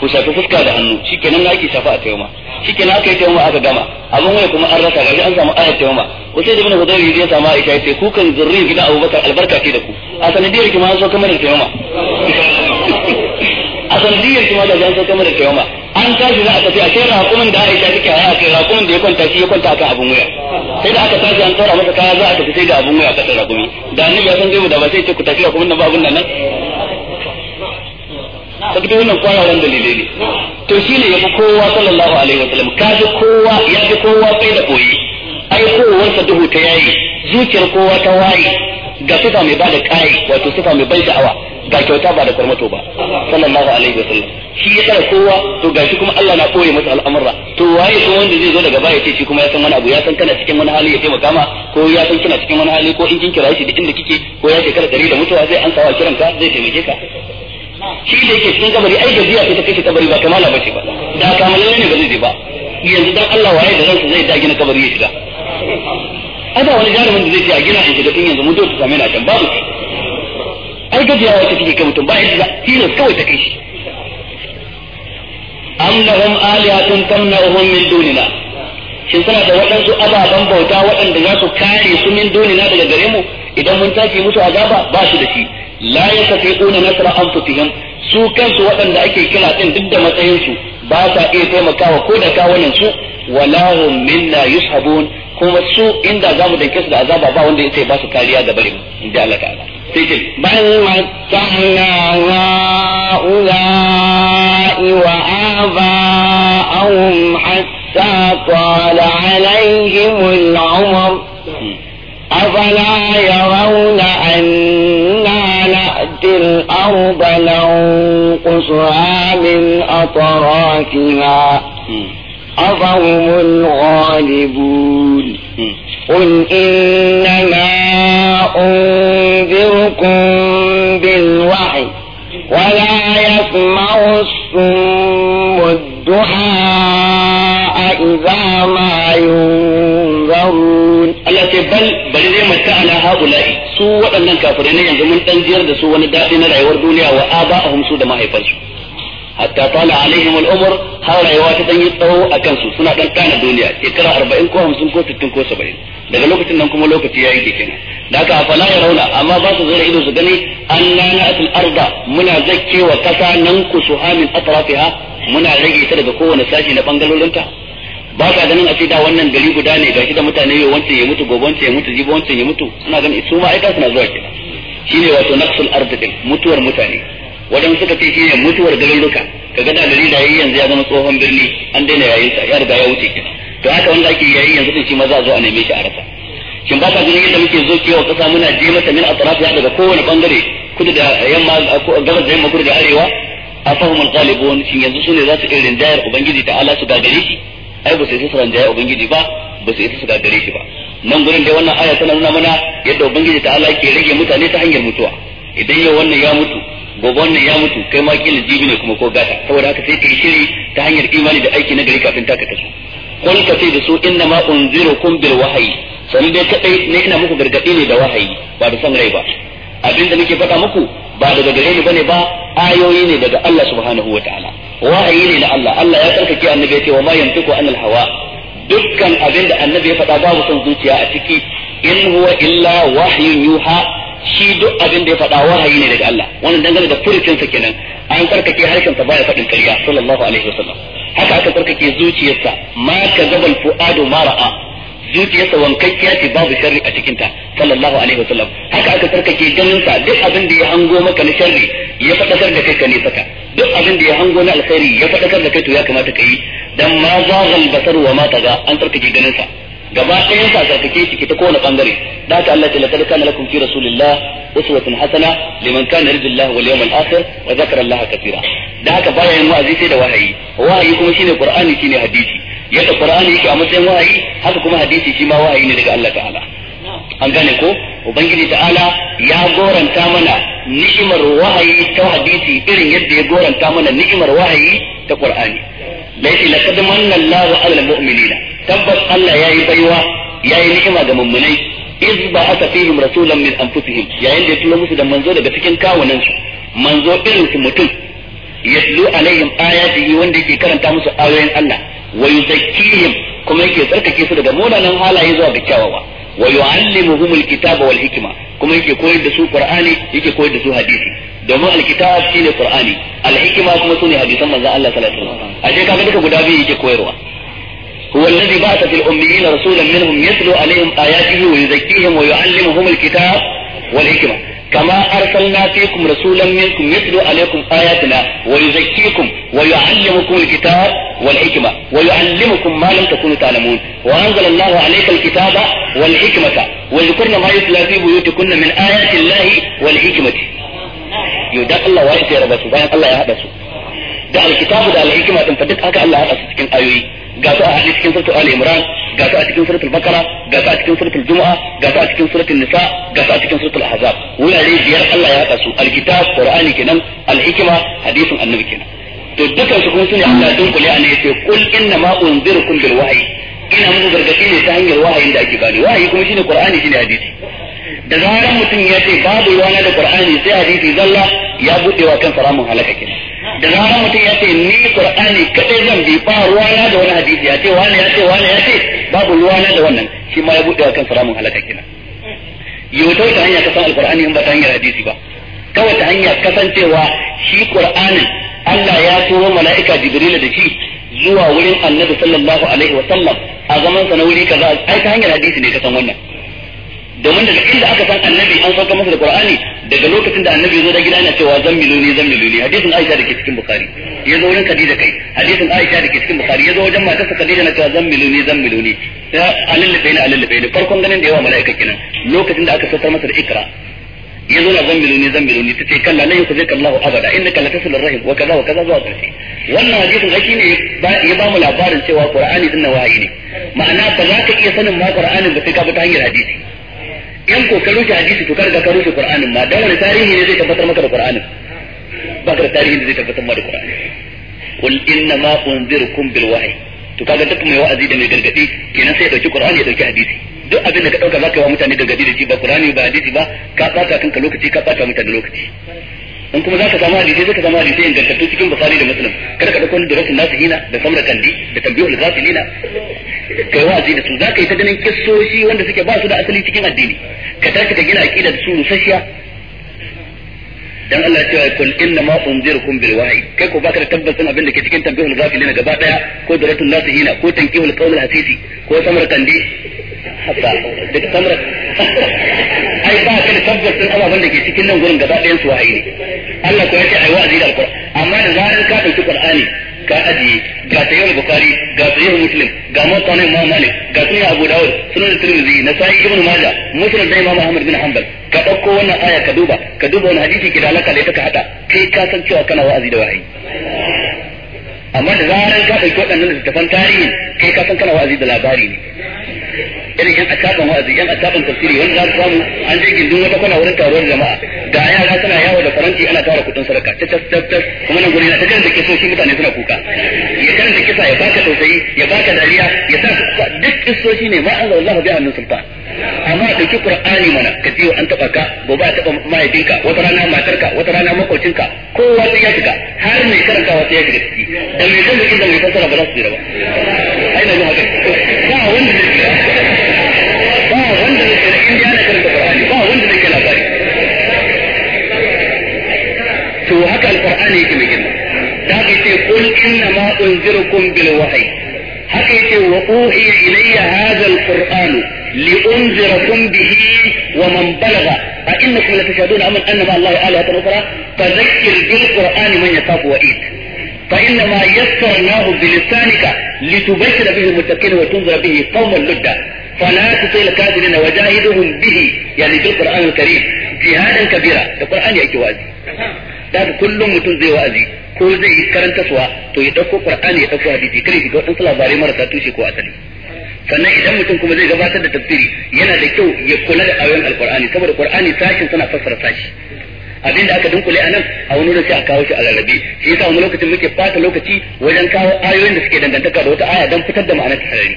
ku shafi fuska da hannu shikenan ake shafa a tayyama shikenan aka yi tayyama aka gama abin wani kuma an rasa gaji an samu ayat tayyama wasu da bin hudari ya samu aisha ya ce kukan zurri gida abubakar albarka ce da ku a sanadiyar ki ma an so kamar tayyama sanadiyar kuma da zan sauka mana kiyama an tashi za a tafi a kai raƙumin da Aisha take haya kai raƙumin da ya kwanta shi ya kwanta akan abun wuya sai da aka tashi an tsara masa kaya za a tafi sai da abun wuya kasar raƙumi da ni ya san zai da ba sai ce ku tafi raƙumin nan ba abun nan nan ka fito wannan kwararen dalilai ne to shi ya fi kowa sallallahu alaihi wasallam ka ji kowa ya fi kowa sai da koyi aikowarsa duhu ta yayi zuciyar kowa ta waye ga sifa mai bada kai wato sifa mai ban sha'awa ga kyauta ba da kwarmato ba sallallahu alaihi wa sallam shi ya tsara kowa to gashi kuma Allah na koye masa al'amura to waye kuma wanda zai zo daga baya ce shi kuma ya san wani abu ya san kana cikin wani hali ya taimaka ma ko ya san kina cikin wani hali ko in kin kira shi da inda kike ko ya shekara dari da mutuwa zai an sawa kiranka zai taimake ka shi da yake cikin kabari ai gajiya ce ta kashe kabari ba kamala bace ba da kamalan ne ba zai ba yanzu dan Allah waye da ransa zai da gina kabari ya shiga A da wani jarumin da zai ce a gina in shiga yanzu mun dole same ni a can babu ai gajiya wacce take kai mutum ba yadda tilas kawai ta kai shi am lahum alihatun tamna'uhum min dunina shin suna da waɗansu ababen bauta waɗanda za su kare su min dunina daga gare mu idan mun take musu azaba ba su da shi la yastati'una nasra anfusihim su kansu waɗanda ake kira din duk da matsayin su ba sa iya taimakawa ko da kawunan su wala hum minna yushabun kuma su inda zamu danke su da azaba ba wanda yake ba su kariya da bare in ji Allah ta'ala sai ce bal matta'na wa ula'i wa aba'ahum hatta qala alaihim al-umr أفلا يرون أنا نأتي الأرض ننقصها من أطرافها أفهم الغالبون قل إنما أنذركم بالوحي ولا يسمع الصم الدعاء إذا ما ينذرون التي بل بل زي ما على هؤلاء سوء أن الكافرين ينزمون تنجير دسوء نداء من العور دنيا وآباءهم سود ما يفرشون hatta tala alaihim al'umur har rayuwa ta dan yi tsawo a su suna dan kana duniya shekara 40 ko 50 ko 60 ko 70 daga lokacin nan kuma lokaci yayi da kenan da aka fala ya rauna amma ba su zura ido su gani anna na'atul arda muna wa kasa nan ku su suhamin atrafiha muna rage ta daga kowane sashi na bangarorinta ba ka ganin a ce da wannan gari guda ne gashi da mutane yau wancan ya mutu gobe wancan ya mutu jibi wancan ya mutu suna ganin su ma aika suna zuwa kenan shine wato naqsul ardi mutuwar mutane wadan suka ce shi ne mutuwar garuruka kaga da gari da yayi yanzu ya zama tsohon birni an daina yayin sa ya riga ya wuce kina to haka wanda ake yayi yanzu din shi ma za a zo a neme shi a rasa shin ba ka gani yadda muke zo kewa kasa muna je mata min atrafi ya daga kowane bangare kudu da yamma gabas da yamma kudu da arewa a fahimul qalibun shin yanzu sune za su iya rinjayar ubangiji ta ala su gagare shi ai ba su isa su rinjayar ubangiji ba ba su isa su gagare shi ba nan gurin dai wannan aya tana nuna mana yadda ubangiji ta ala ke rage mutane ta hanyar mutuwa idan yau wannan ya mutu gobe wannan ya mutu kai ma kila jibi ne kuma ko gata saboda haka sai kai shiri ta hanyar imani da aiki na gari kafin ta kasu kun ka ce da su inna ma unzirukum bil wahayi sanin dai kadai ne ina muku gargadi ne da wahayi ba da son rai ba abinda nake faɗa muku ba daga gare ni bane ba ayoyi ne daga Allah subhanahu wataala wahayi ne na Allah Allah ya tsarkake annabi ya ce wa ma yantiqu anil hawa dukkan abinda annabi ya faɗa babu son zuciya a ciki in huwa illa wahyun yuha shi duk abin da ya faɗa wahayi ne daga Allah wannan dangane da furucin sa kenan an tsarkake harshen sa baya faɗin karya sallallahu alaihi wasallam haka aka tsarkake zuciyarsa ma ka zabal fu'adu ma ra'a zuciyarsa wankakkiya ce babu sharri a cikinta sallallahu alaihi wasallam haka aka tsarkake ganin sa duk abin da ya hango maka na sharri ya faɗakar da kai ka ne saka duk abin da ya hango na alkhairi ya faɗakar da kai to ya kamata ka yi dan ma zaghal basar wa ma taga an tsarkake ganin sa gaba ɗayan sa tsarkake shi ta kowane bangare da haka Allah ta laqad kana lakum fi rasulillah uswatun hasana liman kana yarju Allah wal yawmal akhir wa zakara Allah katira da haka bayan wa'azi sai da wahayi wahayi kuma shine qur'ani shine hadisi yadda qur'ani yake a matsayin wahayi haka kuma hadisi shi ma wahayi ne daga Allah ta'ala an gane ko ubangiji ta'ala ya goranta mana ni'imar wahayi ta hadisi irin yadda ya goranta mana ni'imar wahayi ta qur'ani laysa laqad manna Allahu 'alal mu'minina tabbas Allah ya yi baiwa ya yi ni'ima ga mummunai iz ba'atha fihim rasulan min anfusihim yayin da ya tura musu da manzo daga cikin kawunan su manzo irin su mutum yatlu alaihim ayatihi wanda yake karanta musu ayoyin Allah wa yuzakkihim kuma yake tsarkake su daga munanan halaye zuwa ga kyawawa wa yu'allimuhum alkitaba wal hikma kuma yake koyar da su qur'ani yake koyar da su hadisi domin alkitab shine qur'ani alhikma kuma sune hadisan manzon Allah sallallahu alaihi wasallam kaga duka guda biyu yake koyarwa هو الذي بعث في الأميين رسولا منهم يتلو عليهم آياته ويزكيهم ويعلمهم الكتاب والحكمة كما أرسلنا فيكم رسولا منكم يتلو عليكم آياتنا ويزكيكم ويعلمكم الكتاب والحكمة ويعلمكم ما لم تكونوا تعلمون وأنزل الله عليك الكتاب والحكمة وذكرنا ما يتلى في بيوتكن من آيات الله والحكمة يدق الله ويأتي ربسه بيان الله يهدسه دع الكتاب ده الحكمة تنفتح أكا الله يهدسه cikin ga su a cikin suratul ali imran ga su a cikin suratul bakara ga su a cikin suratul juma'a ga su a cikin suratul nisa ga su a cikin suratul ahzab wurare biyar Allah ya haɗa su alkitab qur'ani kenan alhikma hadisin annabi kenan to dukkan su kuma sune Allah dun kule ne yace kul inna ma unzirukum bil wahyi ina mun gargadi ne ta hanyar wahayin da ake bani wahayi kuma shine qur'ani shine hadisi da zaran mutum ya ce babu ruwana da qur'ani sai hadisi zalla ya buɗewa wa kansa ramin halaka kenan da zama mutum ya ce ni qur'ani kadai zan bi ba ruwa na da wani hadisi ya ce wani ya ce wani ya ce babu ruwa na da wannan shi ma ya bude wa kan salamun halaka kenan yau ta wata hanya ka san in ba ta hanyar hadisi ba ta wata hanya kasancewa shi ƙur'anin Allah ya turo mala'ika Jibril da shi zuwa wurin Annabi sallallahu alaihi wa sallam a zaman sa na wuri kaza ai ta hanyar hadisi ne kasan wannan domin daga inda aka san annabi an sauka masa da qur'ani daga lokacin da annabi zo da gida yana cewa zan miluni zan miluni hadisin aisha da ke cikin bukhari ya zo wurin khadija kai hadisin aisha da ke cikin bukhari ya zo wajen matarsa khadija na cewa zan miluni zan miluni sai alallabe ni alallabe ne farkon ganin da yawa mala'ika kenan lokacin da aka saukar masa da ikra ya zo na zan miluni zan miluni tace kalla la yukhzika Allahu abada innaka kalla tasilur rahim wa kaza wa kaza zuwa karshe wannan hadisin ai ne ya ba mu labarin cewa qur'ani din wahayi ne ma'ana ba za ka iya sanin ma qur'anin ba sai ka bi ta hanyar hadisi in ko ka rushe hadisi to ka riga ka rushe qur'anin ma dan wani tarihi ne zai tabbatar maka da qur'anin ba ka tarihi ne zai tabbatar maka da qur'ani qul inna ma unzirukum bil wahyi to kaga duk mai wa'azi da mai gargadi kenan sai ya dauki qur'ani ya dauki hadisi duk abin da ka dauka zaka yi wa mutane gargadi da shi ba qur'ani ba hadisi ba ka tsaka kanka lokaci ka tsaka mutane lokaci in kuma zaka samu hadisi zaka samu hadisi ingantattu cikin bukhari da muslim kada ka dauko da rasul nasihina da samra kandi da tambihul ghafilina kai wa'azi da su zaka yi ta ganin kissoshi wanda suke ba su da asali cikin addini ka tashi ka gina aqida da su musashiya. dan Allah ya ce cewa kun inna ma unzirukum bil wahyi kai ko baka da tabbacin abin da ke cikin tambihul ghafilina gaba daya ko da rasul nasihina ko tankihul qawl hasisi ko samra kandi haka duk samra ai ba ka da tabbacin ababen da ke cikin nan gurin gaba ɗayan su wahayi ne Allah ko yace ai wa'azi da alqur'ani amma da zarar ka dauki qur'ani ka ajiye ga sayyid bukhari ga sayyid muslim ga mutane imam malik ga sunan abu dawud sunan tirmidhi nasai ibn majah musnad da imam ahmad bin hanbal ka dauko wannan aya ka duba ka duba wannan hadisi ke da alaka da ita ka hada kai ka san cewa kana wa'azi da wahayi amma da zarar ka dauki waɗannan littattafan tarihi kai ka san kana wa'azi da labari ne irin yan asaban wa'azi yan asaban tafsiri wani za su samu an je gindin wata kwana wurin taruwar jama'a ga yara suna yawo da faranti ana tara kudin sadaka ta tas tas tas kuma nan guri ta kan da shi mutane suna kuka ya kan da kisa ya baka tausayi ya baka dariya ya sa duk kisoshi ne ma an Allah bi hannun sultan amma ɗauki qur'ani mana ka ji an taɓa ka gobe a taɓa mahaifinka wata rana matarka wata rana makocinka kowa sai ya shiga har mai karanta sai ya shiga ciki da mai zan da mai fassara ba za su jira ba ai na haka ba wanda zai shiga to haka alqur'ani yake mai girma da haka yace qul inna ma unzirukum bil wahyi haka yace wa uhiya ilayya hadha alqur'an li unzirakum bihi wa man balagha fa innakum la tashhaduna amman anna ma allahi alihatan ukhra fadhakkir bil qur'ani man yakhafu wa'id فإنما يسرناه بلسانك لتبشر به المتقين وتنذر به قوما لدا فلا تطيل الكافرين وجاهدهم به يعني بالقرآن الكريم جهادا كبيرا القرآن يأتي واجب da kullum mutum zai wa'azi ko zai yi suwa to ya dauko qur'ani ya dauko hadisi kare shi ga wadansu labarai marasa tushe ko asali sannan idan mutum kuma zai gabatar da tafsiri yana da kyau ya kula da ayoyin alqur'ani saboda qur'ani sashin suna fassara sashi abin da aka dunkule anan a wani lokaci a kawo shi a larabi shi yasa wani lokacin muke fata lokaci wajen kawo ayoyin da suke dangantaka da wata aya don fitar da ma'anar ta sarari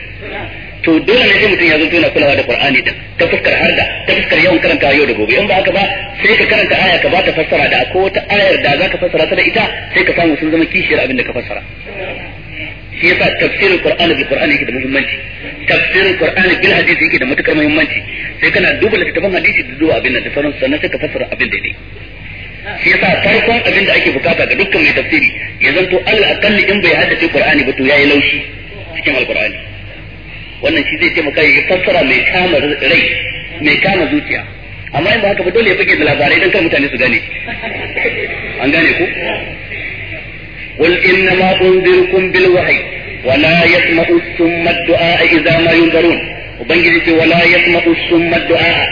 to dole ne sai mutum ya zo na kulawa da Qur'ani din ta fuskar da ta fuskar yawan karanta yau da gobe in ba haka ba sai ka karanta aya ka ba ta fassara da ko wata ayar da zaka fassara ta da ita sai ka samu sun zama kishiyar abin da ka fassara shi yasa tafsirin Qur'ani bil Qur'ani yake da muhimmanci tafsirin Qur'ani bil hadisi yake da matukar muhimmanci sai kana duba littafin hadisi da zuwa abin da faran sannan sai ka fassara abin da dai shi yasa farkon abin da ake bukata ga dukkan mai tafsiri ya zanto Allah akalli in bai haddace Qur'ani ba to yayi laushi cikin alqur'ani. wannan shi zai taimaka ya fassara mai kama rai mai kama zuciya amma in ba haka ba dole ya fage da labarai don kar mutane su gane an gane ku قل إنما أنذركم بالوحي ولا يسمع السم الدعاء إذا ما ينذرون وبنجد ولا يسمع السم الدعاء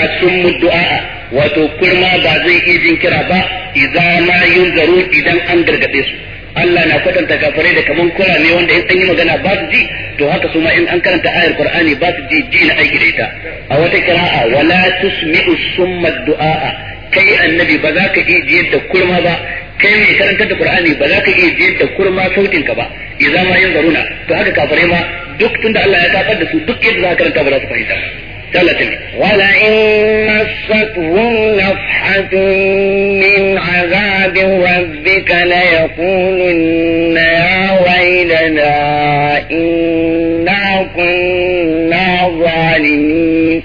السم الدعاء wato kurma ba zai iya kira ba idza ma yunzarun idan an gargade su Allah na kwatanta kafirai da kaman kura ne wanda in an yi magana ba su ji to haka su ma in an karanta ayar Qur'ani ba su ji ji na aiki da ita a wata kira'a wala tusmi'u summa du'a kai annabi ba za ka iya jiyar da kurma ba kai mai karantar da Qur'ani ba za ka iya jiyar da kurma sautin ka ba zama yin yanzuruna to haka kafirai ma duk tunda Allah ya kafar da su duk yadda za ka karanta ba za su fahimta ثلاثة ولئن مستهم نفحة من عذاب ربك ليقولن يا ويلنا إنا كنا ظالمين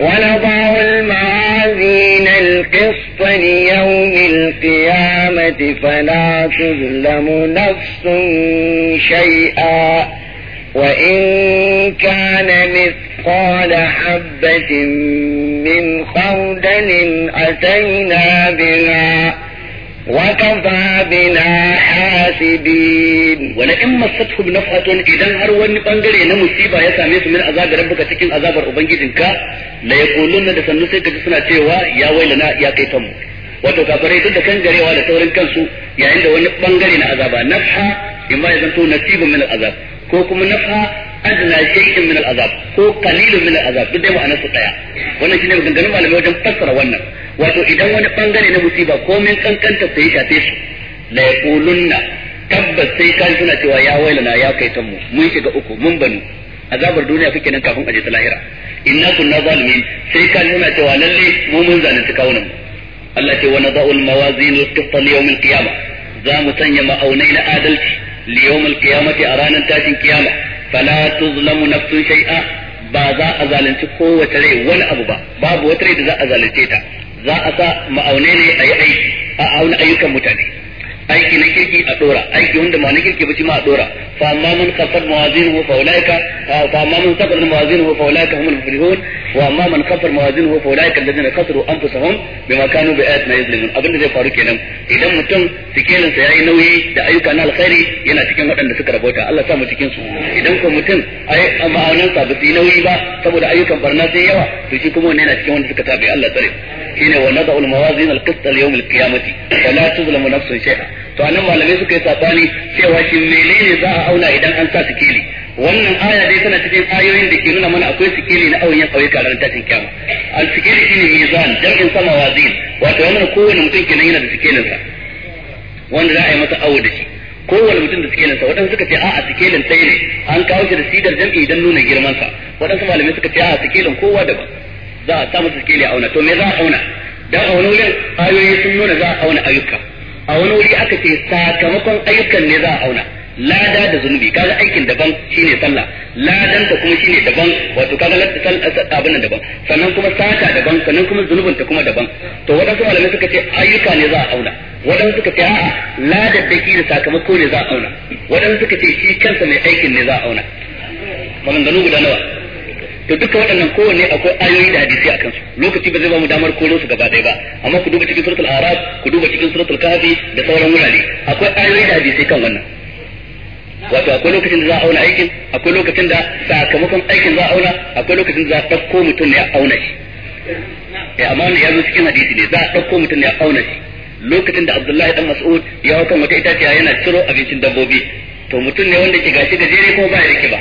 ونضع الموازين القسط ليوم القيامة فلا تظلم نفس شيئا وإن كان مثل مثقال حبة من خردل أتينا بها وكفى بنا حاسبين ولئن مسته بنفعة إذا هر وني بانجري na musiba ya same su min azabi rabbuka cikin azabar ubangijinka la yaquluna da sannu sai kaji يا cewa ya wailana ya kai tamu wato kafirai duk da kan kangarewa da saurin kansu yayin da wani bangare na azaba nafha in ma ya zanto nasibun min azab ko kuma nafha adna shay'in min al'azab ko qalilun min al'azab duk dai ma'anar su daya wannan shine maganganun malamai wajen fassara wannan wato idan wani bangare na musiba ko min kankanta sai ya shafe su la yaqulunna tabbas sai kan suna cewa ya wailana ya kaitan mu mun shiga uku mun bani azabar duniya kake nan kafin aje ta lahira inna kunna zalimin sai kan suna cewa lalle mu mun zalunci kawunan Allah ce wa nada'ul mawazin al-qist li yawm al-qiyamah za mu sanya ma'aunai na adalci li yawm al-qiyamati a ranar tashin kiyama fala tuzlamu nafsun shay'a ba za a zalunci kowace rai wani abu ba babu wata rai da za a zalunce ta za a sa ma'aune ne a yi aiki a auna ayyukan mutane aiki na kirki a dora aiki wanda ma na kirki ba shi ma a dora fa amma fa amma humul wa amma man alladhina kasaru anfusahum bima kanu bi ayatina yuzlimun zai faru kenan idan mutum sikelin sa yayi nauyi da ayyuka na alkhairi yana cikin waɗanda suka rabota Allah sa mu cikin su idan ko mutum ai sa ba su yi nauyi ba saboda ayyukan barna sai yawa to shi kuma wannan yana cikin wanda suka tabi Allah tsare shine wa nada'ul mawazin al-yawm tuzlamu nafsun shay'a to anan malamai suka yi sabani cewa shi menene za a auna idan an sa sikeli wannan aya dai tana cikin ayoyin da ke nuna mana akwai sikeli na auren yan kauyuka tashin kyama al sikeli shine mizan jam'in sama wazin wato yana kowane mutum kenan yana da sa wanda za a yi masa awo da shi kowane mutum da sa waɗansu suka ce a a sikelin sai ne an kawo shi da sidar jam'i don nuna girman sa waɗansu malamai suka ce a sikelin kowa daban za a sa masa sikeli a auna to me za a auna dan a wani wurin ayoyi sun nuna za a auna ayyuka a wani wuri aka ce sakamakon ayyukan ne za a auna lada da zunubi kaga aikin daban shine sallah ladan ta kuma shine daban wato kaga ladan abin nan daban sannan kuma sata daban sannan kuma zunubin ta kuma daban to wadansu malamai suka ce ayyuka ne za a auna wadansu suka ce a'a ladar da da sakamako ne za a auna wadansu suka ce shi kansa mai aikin ne za a auna maganganu guda nawa to duka waɗannan kowanne akwai ayoyi da hadisi a su lokaci ba zai ba mu damar koro su gaba ɗaya ba amma ku duba cikin suratul araf ku duba cikin suratul kahfi da sauran wurare akwai ayoyi da hadisi kan wannan wato akwai lokacin da za a auna aikin akwai lokacin da sakamakon aikin za a auna akwai lokacin da za a ɗauko mutum ne a auna shi eh, amma wannan ya zo cikin hadisi ne za a ɗauko mutum ne a auna shi lokacin da Abdullahi dan Mas'ud ya hau kan wata itaciya yana ciro abincin dabbobi to mutum ne wanda ke gashi jere ko ba ya rike ba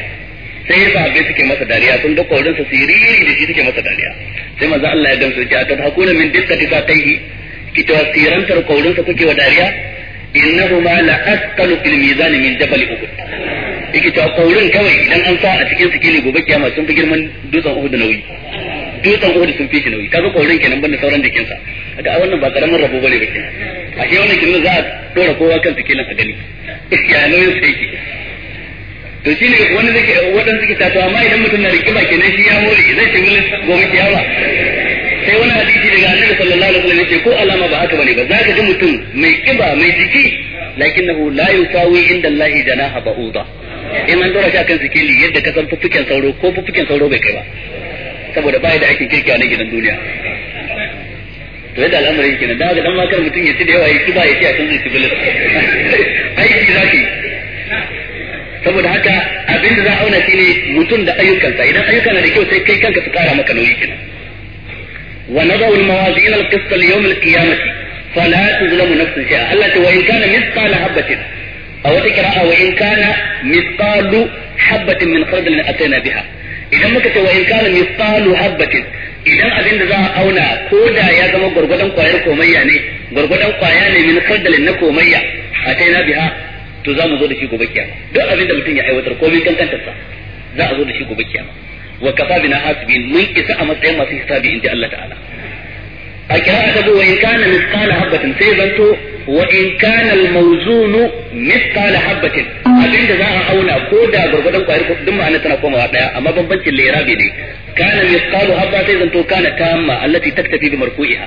sai ya sahabbai suke masa dariya sun da kwarin su siriri da shi suke masa dariya sai manzo Allah ya gamsu ya ta hakuna min ta sa kai ki tar kwarin sa kuke wa dariya innahuma la asqalu fil mizan min jabal uhud yake ta kwarin kawai idan an sa a cikin kili gobe kiyama sun fi girman dutsen uhud da nauyi dutsen uhud sun fi shi nauyi kaga korin kenan banda sauran jikinsa da a wannan ba karamin rabo bane ba kenan shi wannan kin za a dora kowa kan sikilin a gani (laughs) ya nauyin sai to shi ne wani zai waɗanda suke tatuwa amma idan mutum na rikima ke nan shi ya mori zai ce wani gobe yawa sai wani hadisi daga annabi sallallahu alaihi wasallam yace ko alama ba haka bane ba za ka ji mutum mai kiba mai jiki lakinnahu la yusawi inda Allah janaha ba'uda in an dora shi akan sikeli yadda ka san fuffuken sauro ko fuffuken sauro bai kai ba saboda baya da aikin kirki a nan gidan duniya to yadda al'amarin kenan da haka dan makar mutum ya ci da yawa ya ba ya ci a kan zai ci bilis (laughs) aiki zaki saboda haka abin da za a auna shine mutum da ayyukansa idan ayyuka na da kyau sai kai kanka su kara maka nauyi kenan wa nadau al mawazin al qist al yawm al qiyamah fala tuzlamu nafsun shay'a Allah ta wa in kana mithqal habatin aw wata qira'a wa in kana mithqal habatin min khardal atayna biha idan muka ce wa in kana mithqal habatin idan abin da za a auna ko da ya zama gurgudan kwayar komayya ne gurgudan kwaya ne min khardal na komayya atayna biha to za mu zo da shi gobe kiyama duk abin da mutum ya aiwatar komai kankantar sa za a zo da shi gobe kiyama wa kafa bina hasibin mun isa a matsayin masu hisabi inji Allah ta'ala a kira ta wa in kana misqala habatin sai zanto wa in kana al-mawzunu misqala habatin abin da za a auna ko da gurgurdan kwayar ko duk ma'ana tana komawa daya amma bambancin lirabi ne kana misqalu habba sai zanto kana tamma allati taktafi bi marfu'iha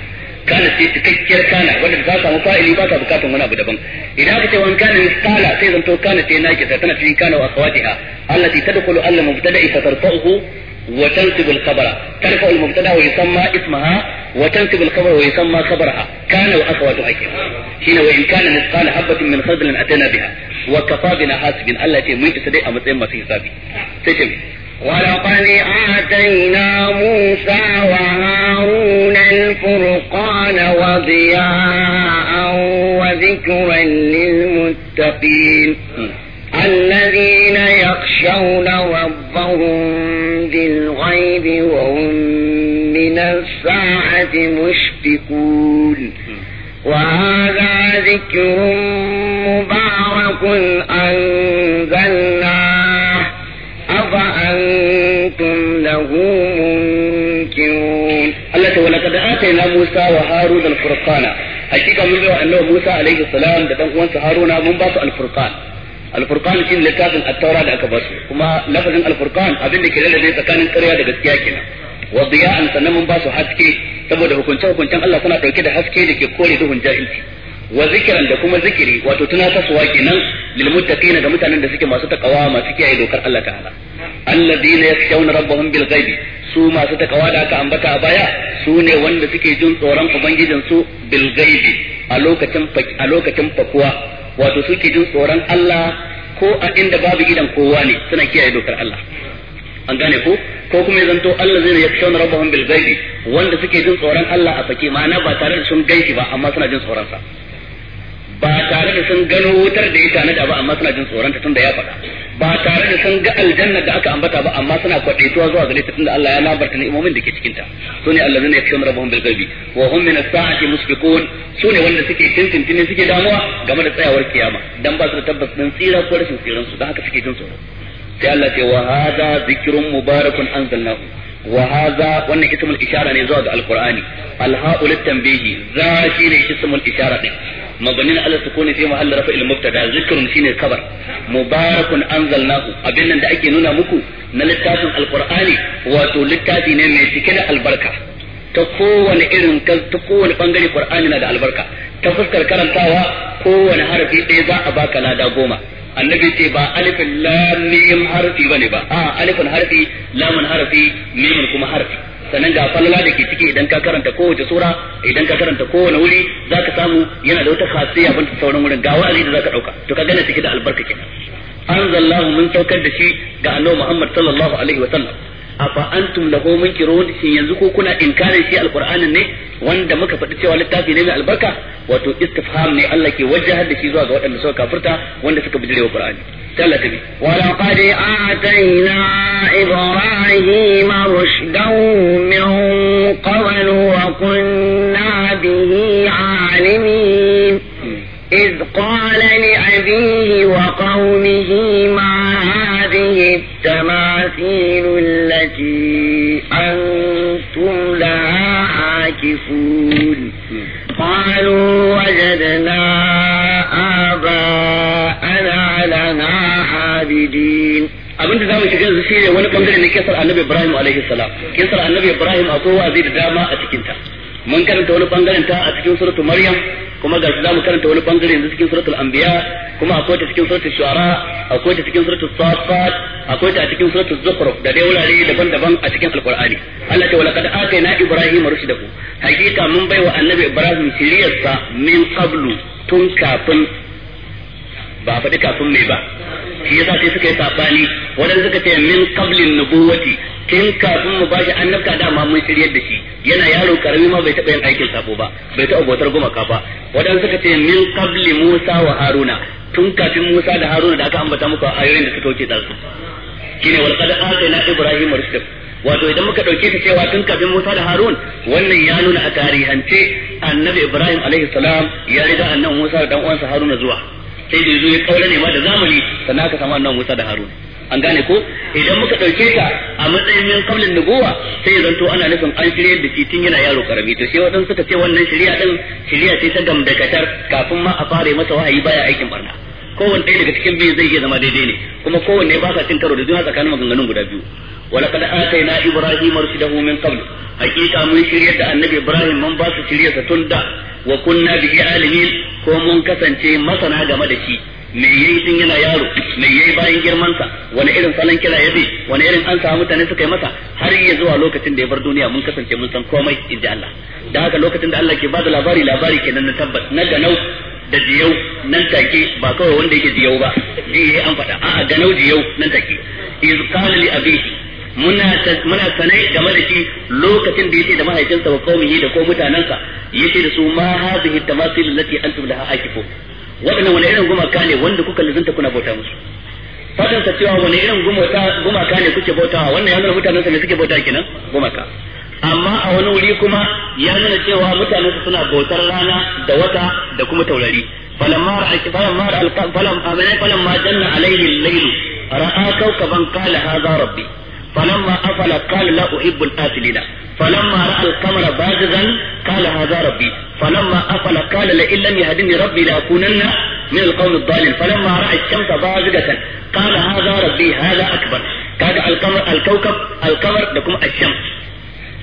kana sai cikakkiyar kana wanda ta samu fa'ili ba ta bukatan wani abu daban idan aka ce wan kana misqala sai zanto kana sai naki ta tana cikin kana wa aswatiha allati tadkhulu alla mubtada'i fa tarfa'uhu wa tansibu al tarfa'u al wa yusamma ismaha wa tansibu al wa yusamma khabaraha kana wa aswatu shine wa in kana habatin min khardalin atana biha wa kafa hasibin allati mun ta dai a matsayin masu hisabi sai ce ولقد آتينا موسى وهارون الفرقان وضياء وذكرا للمتقين الذين يخشون ربهم بالغيب وهم من الساعة مشفقون وهذا ذكر مبارك أن ataina Musa wa Harun hakika mun bawa annabi Musa alaihi salam da dan sa Haruna mun ba su al-Furqan al-Furqan shine littafin at-Taura da aka ba su kuma lafazin alfurkan furqan abin da ke lalle tsakanin karya da gaskiya kenan wa diya'an sannan mun ba su haske saboda hukunce hukuncen Allah suna dauke da haske da ke kore duhun jahilci wa zikran da kuma zikiri wato tunatarwa kenan lil muttaqin ga mutanen da suke masu takawa masu kiyaye dokar Allah ta'ala alladhina yakhshawna rabbahum bil ghaibi su masu takawa da aka ambata a baya su ne wanda suke jin tsoron ubangijin su bil ghaibi a lokacin a lokacin fakuwa wato suke jin tsoron Allah ko a inda babu gidan kowa ne suna kiyaye dokar Allah an gane ko ko kuma ya zanto Allah zai yakshawna rabbahum bil ghaibi wanda suke jin tsoron Allah a fake ma'ana ba tare da sun gaishi ba amma suna jin tsoron sa ba tare da sun gano wutar da ya tanada ba amma suna jin tsoron ta tunda ya faɗa ba tare da sun ga aljanna da aka ambata ba amma suna kwadaituwa zuwa gare ta tunda Allah ya labarta ni'imomin da ke cikin ta sune allazina yakshum rabbuhum bil ghaibi wa hum min as-sa'ati musbiqun sune wanda suke tintintini suke damuwa game da tsayawar kiyama dan ba su da tabbas din tsira ko rashin tsiran su dan haka suke jin tsoro sai Allah ce wa hadha dhikrun mubarakun anzalnahu wa hadha wannan ismul ishara ne zuwa ga alqur'ani alha'ul tanbihi za shi shine ismul ishara din مبنين على السكون في محل رفع المبتدا ذكر شيء خبر مبارك انزلناه ابين da ake nuna muku na littafin alkur'ani wato littafi ne mai cike da albarka ta kowane irin kowane bangare kur'ani na da albarka ta fuskar karantawa kowane harfi ɗaya za a baka lada goma annabi ce ba alifin lam mim harfi bane ba a alifin harfi lamun harfi mimun kuma harfi sannan ga falala da ke ciki idan ka karanta kowace sura idan ka karanta kowane wuri za ka samu yana da wata khasiyya ban sauran wurin ga wa'azi da za ka dauka to ka gane ciki da albarka kenan anzalallahu mun saukar da shi ga annabi Muhammad sallallahu alaihi wa sallam afa antum lahu munkirun shin yanzu ko kuna inkarin shi alqur'anin ne wanda muka faɗi cewa littafi ne mai albarka wato istifham ne Allah ke wajahar da shi zuwa ga waɗanda suka kafirta wanda suka bijire wa qur'ani tallata bi wa laqad atayna ibrahima rushdahu min qabl wa kunna bihi alimin iz qala li قال wa qawmihi ma hadhihi التماثيل التي أنتم لها عاكفون قالوا وجدنا آباءنا لنا عابدين abin da zamu shiga yanzu shine wani bangare na kisar annabi Ibrahim alaihi salam kisar annabi Ibrahim akwai wa'azi da dama a cikin ta mun karanta wani bangaren ta a cikin suratul maryam kuma ga za zamu karanta wani bangare yanzu cikin suratul anbiya kuma akwai ta cikin suratul shu'ara akwai ta cikin suratul safat akwai ta cikin suratul zukhruf da dai wurare daban-daban a cikin alqur'ani Allah ta wala kad atayna ibrahim rushdahu hakika mun bai wa annabi ibrahim shiriyarsa min qablu tun kafin ba faɗi kafin me ba shi yasa sai suka yi sabani wadanda suka ce min qablin nubuwati tun kafin mu bashi annabta dama mun shiryar da shi yana yaro karami ma bai taɓa yin aikin sabo ba bai taɓa bautar gumaka ba Waɗansu suka ce min kabli Musa wa Haruna tun kafin Musa da Haruna da aka ambata muku a ayoyin da suka wuce dalsu shine wal qad atayna Ibrahim rusul wato idan muka dauke ta cewa tun kafin Musa da Harun wannan ya nuna a tarihance annabi Ibrahim alaihi salam ya riga annabi Musa da dan uwansa Haruna zuwa sai da yazo ya kaura ne ma da zamani sannan aka samu annabi Musa da Haruna. an gane ko idan muka dauke ka a matsayin min qablin nubuwa sai ya zanto ana nufin an shirya da shi tun yana yaro karami to sai waɗansu suka ce wannan shirya din shirya ce ta gamdakatar kafin ma a fara masa wahayi baya aikin barna kowanne ɗaya daga cikin biyu zai iya zama daidai ne kuma kowanne ba sa cin karo da juna tsakanin maganganun guda biyu ولقد آتينا إبراهيم رشده من قبل حقيقة من شريعة النبي إبراهيم من باس wa تندى وكنا به عالمين mun kasance masana game da shi. me yayi tun yana yaro me yayi bayan girman sa, wani irin salon kira ya bi wani irin an samu mutane suka yi masa har ya zuwa lokacin da ya bar duniya mun kasance mun san komai inda Allah da haka lokacin da Allah ke bada labari labari kenan na tabbas na ganau da jiyau nan take ba kawai wanda yake jiyau ba ji yayi an fada a'a ganau jiyau nan take iz qala li abihi muna muna sanai game da shi lokacin da yake da mahaifinsa ba yi da ko mutanansa yake da su ma hadhihi tamasil lati antum laha akifu waɗannan wani irin gumaka ne wanda kuka lizinta kuna bauta musu fadin sa cewa wani irin gumaka ne kuke bautawa wannan ya nuna mutanen sa ne suke bauta kenan gumaka amma a wani wuri kuma ya nuna cewa mutanen su suna bautar rana da wata da kuma taurari falamma falamma falamma falamma janna alaihi al-layl ra'a kawkaban qala hadha rabbi فلما أفل قال لا أحب الآفلين فلما رأى القمر بازغا قال هذا ربي فلما أفل قال لئن لم يهدني ربي لأكونن من القوم الضالين فلما رأى الشمس بازغة قال هذا ربي هذا أكبر كاد القمر الكوكب القمر لكم الشمس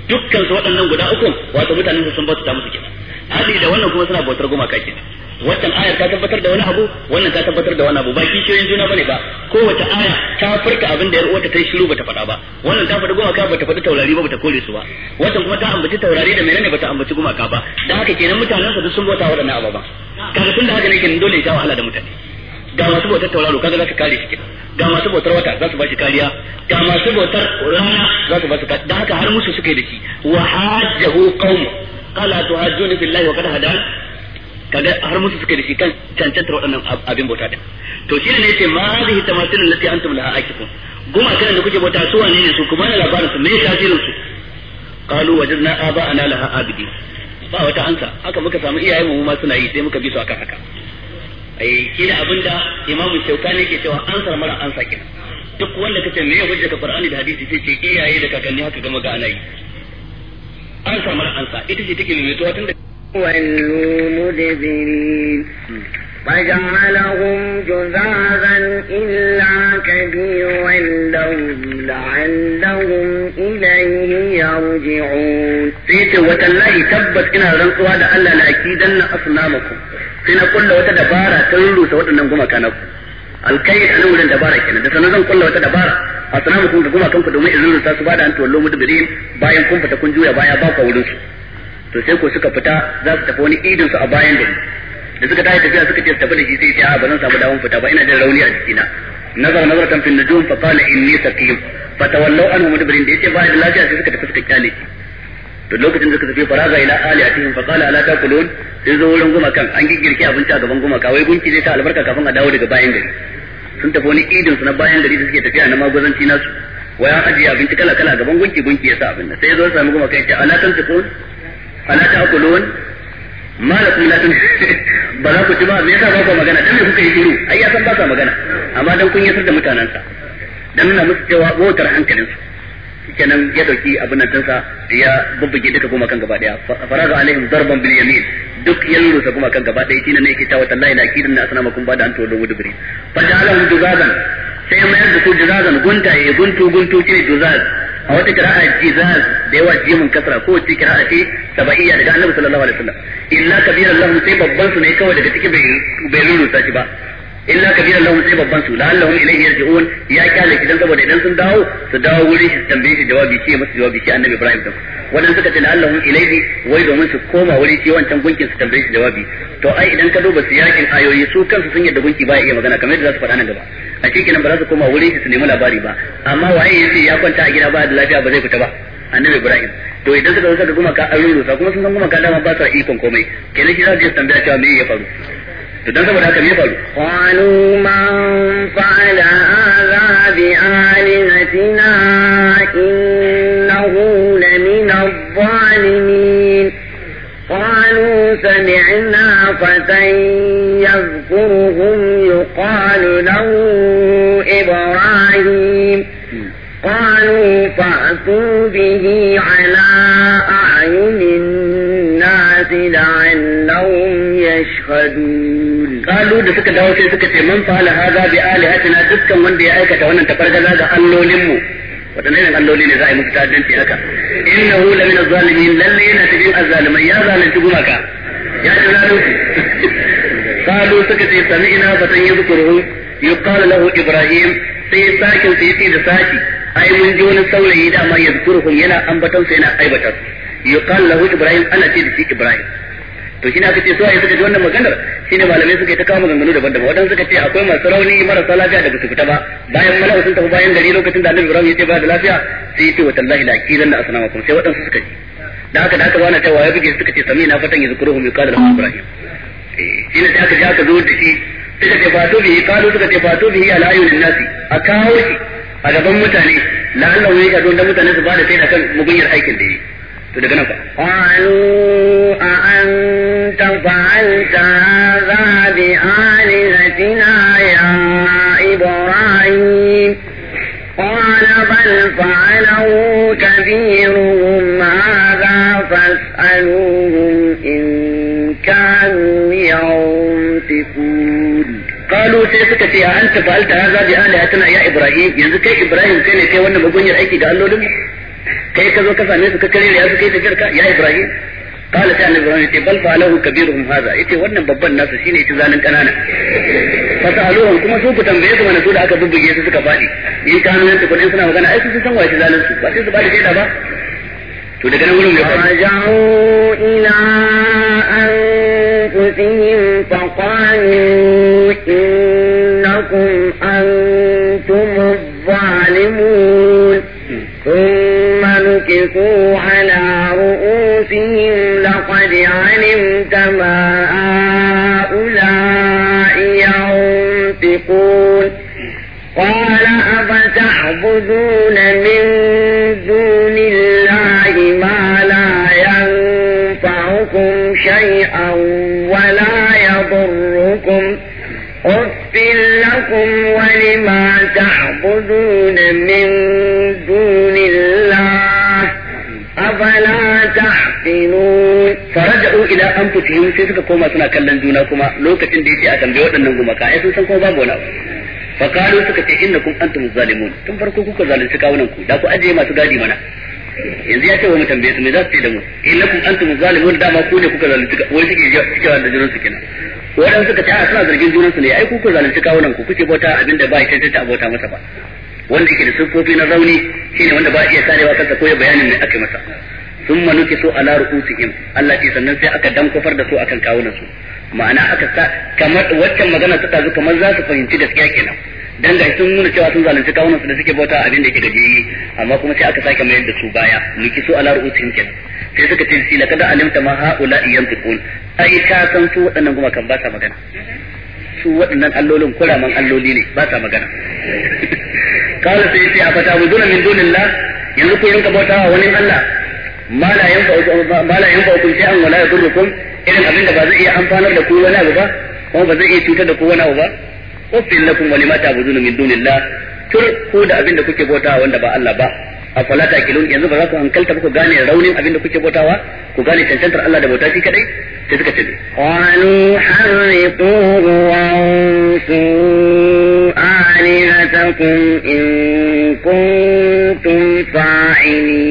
dukkan su waɗannan guda uku wato mutanen sun bauta musu kenan hali da wannan kuma suna bautar gumaka kenan wannan ayar ta tabbatar da wani abu wannan ta tabbatar da wani abu ba kishiyoyin juna bane ba kowace aya ta furta abin da yar uwarta ta shiru bata faɗa ba wannan ta faɗi gumaka bata faɗi taurari ba bata kore su ba wannan kuma ta ambaci taurari da menene bata ambaci gumaka ba da haka kenan mutanen su duk sun bauta waɗannan ababa. kaga tun da haka ne kenan dole ya sha wahala da mutane ga masu bautar tauraro kaga za su kare shi ga masu bautar wata za su ba shi kariya ga masu bautar rana za su ba su kariya da haka har musu suka yi da shi wa hajjahu qaum qala tuhajjuni billahi wa qad hadan kaga har musu suka da shi kan cancantar waɗannan abin bauta din to shi ne yace ma hadhihi tamathil allati antum laha akifun goma kana da kuke bauta su wane ne su kuma na labarin su me tasirin su qalu wajadna aba'ana laha abidi ba wata ansa haka muka samu iyaye mu ma suna yi sai muka bi su aka haka ai shi ne abinda imamu shaukani ke cewa ansar mara ansa kenan duk wanda kace me ya hujja ka qur'ani da hadisi sai ce iyaye da kakanni haka gama ga ana yi ansar mara ansa ita ce take mai tuwa tun da ولوا مدبرين فجعلهم جذاذا إلا كبيرا لهم لعلهم إليه يرجعون سيتي وتالله تبت إنا رنقوا هذا ألا لأكيدن أصنامكم سينا كل وتدبارا تلو سوات أنهم كانكم alkai a nan wurin dabara kenan da sanan zan wata dabara a sanan kanku domin izinin ta su bada an bayan kun fita kun juya baya baka wurin to sai ko suka fita za su tafi wani idin su a bayan gari da suka tafi tafiya suka tafi da shi sai ce a ba zan samu dawon fita ba ina jin rauni a jikina nazar nazar kan fin nujum fa qala inni saqim fa tawallaw anhu mudbirin da yace ba da lafiya sai suka tafi suka kyale to lokacin da suka tafi faraza ila ali aliyatihim fa qala ala taqulun sai zo wurin gumakan an giggirke abinci a gaban gumaka wai gunki zai ta albarka kafin a dawo daga bayan gari sun tafi wani idin su na bayan gari da suke tafiya na magozanci nasu wai an ajiye abinci kala kala gaban gunki gunki ya sa abin sai zo ya sami gumakan ya ce ala taqulun fala ta'kulun ma lakum latin (laughs) ba za ku ci ba me yasa ba ku magana dan me kuka yi shiru ai ya san ba ka magana amma dan kun yasar da mutanansa dan nuna musu cewa wautar hankalinsu kenan ya dauki abin nan tansa ya bubbuge duka goma kan gaba daya faraga alaihim darban bil yamin duk ya lura goma kan gaba daya shine ne yake cewa tallahi la kidan na asnama kun bada an to da wudubri fa ja'alahum duzadan sai mai da su duzadan guntaye guntu guntu ce duzaz a wata kira'a jizaz da yawa jimin kasra ko wace kira'a ce saba'iyya daga annabi sallallahu alaihi wasallam illa kabiran lahu sai babban su ne kawai daga cikin bai bai rurrusa shi ba illa kabiran lahum sai babban su la'allahum ilayhi yarji'un ya kyale shi dan saboda idan sun dawo su dawo wurin shi tambaye shi jawabi shi masa jawabi shi annabi Ibrahim din wannan suka ce la'allahum ilayhi wai domin su koma wuri shi wancan gunkin su tambaye shi jawabi to ai idan ka duba siyakin ayoyi su kansu sun da gunki ba iya magana kamar yadda za su faɗa nan gaba a cikin nan ba za su koma wurin shi su nemi labari ba amma waye yace ya kwanta a gida ba da lafiya ba zai fita ba annabi Ibrahim to idan suka zo suka ka ayoyi rusa kuma sun san gumaka dama ba su ikon komai kenan shi za su tambaya cewa me ya faru idan saboda haka me faru qalu man fa'ala hadha bi alihatina innahu lamin adh-dhalimin qalu sami'na fatan yadhkuruhum yuqalu lahu ibrahim qalu fa'tu bihi ala a'yunin nas la'annahum yashhadun kalu da suka dawo sai suka ce man fa'ala hadha bi alihatina dukkan wanda ya aikata wannan tafargaza ga allolin mu wadannan irin alloli ne za a yi muku ta'addanci haka innahu la min az-zalimin lalle yana cikin azzalimai ya zalunci gumaka ya ji zalunci kalu suka ce sami'na fatan yadhkuruhu yuqalu lahu ibrahim sai sakin sai yace da saki ai mun ji wani saurayi da ma yadhkuruhum yana ambatan sai yana aibata yuqalu lahu ibrahim ana ce da shi ibrahim to shi ne aka ce su ayi suka ji wannan maganar shi ne malamai suka yi ta kawo maganganu daban-daban waɗansu suka ce akwai masu rauni marasa lafiya da basu fita ba bayan mala'u sun tafi bayan gari lokacin da annabi rauni ya ce ba da lafiya sai yi tewa tallahi da la zan da asnama kuma sai waɗansu suka ji da haka da haka bana cewa ya buge suka ce sami na fatan ya kada da lahu ibrahim eh, shi ne sai aka ji aka zo da shi suka ce fatu bihi qalu suka ce fatu bihi ala ayyuhin nasi a kawo shi a gaban mutane la'allahu yashadun da mutane su ba da sai akan mugunyar aikin da yi to daga nan fa qalu a anta fa'alta hadha bi alihatina ya ibrahim qala bal fa'alahu kabiruhum hadha fas'aluhum in kanu yantiqun قالوا sai suka ce a anta fa'alta hadha bi alihatina ya ibrahim yanzu kai ibrahim kai ne kai wannan magunyar aiki ga allolin kai ka zo ka same su ka kare ya su kai da ka ya Ibrahim ta كان ابراهيم يتي bal falahu كبيرهم هذا يتي wannan babban nasu shine yace zalin kanana fasaluhum kuma su ku tambaye su mana su da aka bubbuge su suka fadi in kanu yan ko in suna magana ai su san wace zalin su ba sai su ba da ba to daga nan gurin ya fara ja'u ila anfusihim faqalu innakum antum zalimun ألقفوا على رؤوسهم لقد علمت ما هؤلاء ينطقون قال أفتعبدون من دون الله ما لا ينفعكم شيئا ولا يضركم أف لكم ولما تعبدون futuhum sai suka koma suna kallon juna kuma lokacin da ce a tambaye waɗannan gumaka ai sun san kuma babu wani abu fa qalu suka ce innakum antum zalimun tun farko kuka zalunci kawunan ku da ku ajiye masu gadi mana yanzu ya ce wa mu tambaye su me za su ce da mu innakum antum zalimun dama ku ne kuka zalunci wai suke cewa da junan su kenan waɗansu suka ce a suna zargin junan su ne ai ku ku zalunci kawunan ku kuke bauta abinda ba ya ta abota masa ba wanda yake da sufofi na rauni shine wanda ba iya sarewa kansa ko ya bayanin ne aka masa thumma nukisu ala ru'usihim Allah ce sannan sai aka dankufar da su akan kawunan su ma'ana aka sa kamar waccan magana ta tazo kamar za su fahimci gaskiya kenan dan ga sun nuna cewa sun zalunci kawunan su da suke bauta abin da yake gajeri amma kuma sai aka sake mayar da su baya nukisu ala ru'usihim kenan sai suka ce sila kada alimta ma haula tukun ai ka san su waɗannan kuma kan ba sa magana su waɗannan allolin kuraman alloli ne ba sa magana (laughs) kawai sai sai a fata mu dole min dunillah yanzu ku bauta wa wani Allah ma la yanfa'ukum shay'an wa la yadurrukum irin abin da ba zai iya amfanar da ku wani abu ba kuma ba zai iya cutar da ku wani abu ba na kun wani lima ta'buduna min dunillah tur ku da abin da kuke bautawa wanda ba Allah ba a afala taqilun yanzu ba za ku hankalta ba ku gane raunin abin da kuke bautawa ku gane cancantar Allah da bauta shi kadai sai suka ce qalu harriquhu wa ansu alihatakum in kuntum fa'ilin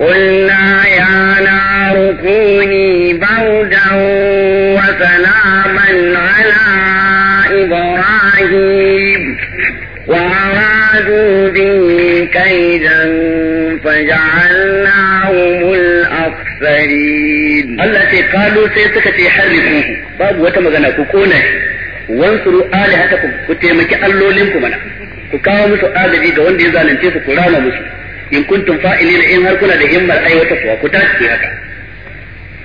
قلنا يا نار كوني بردا وسلاما على إبراهيم وأرادوا به كيدا فجعلناهم الأخسرين الله قالوا سيسك تحركوه باب وتمغنا كوكونا wansuru alihatakum ku taimaki allolinku mana ku kawo musu agaji ga wanda ya zalunce su ku rana musu in kuntum fa'ilina in har kuna da himmar aiwatarwa ku tashi ku haka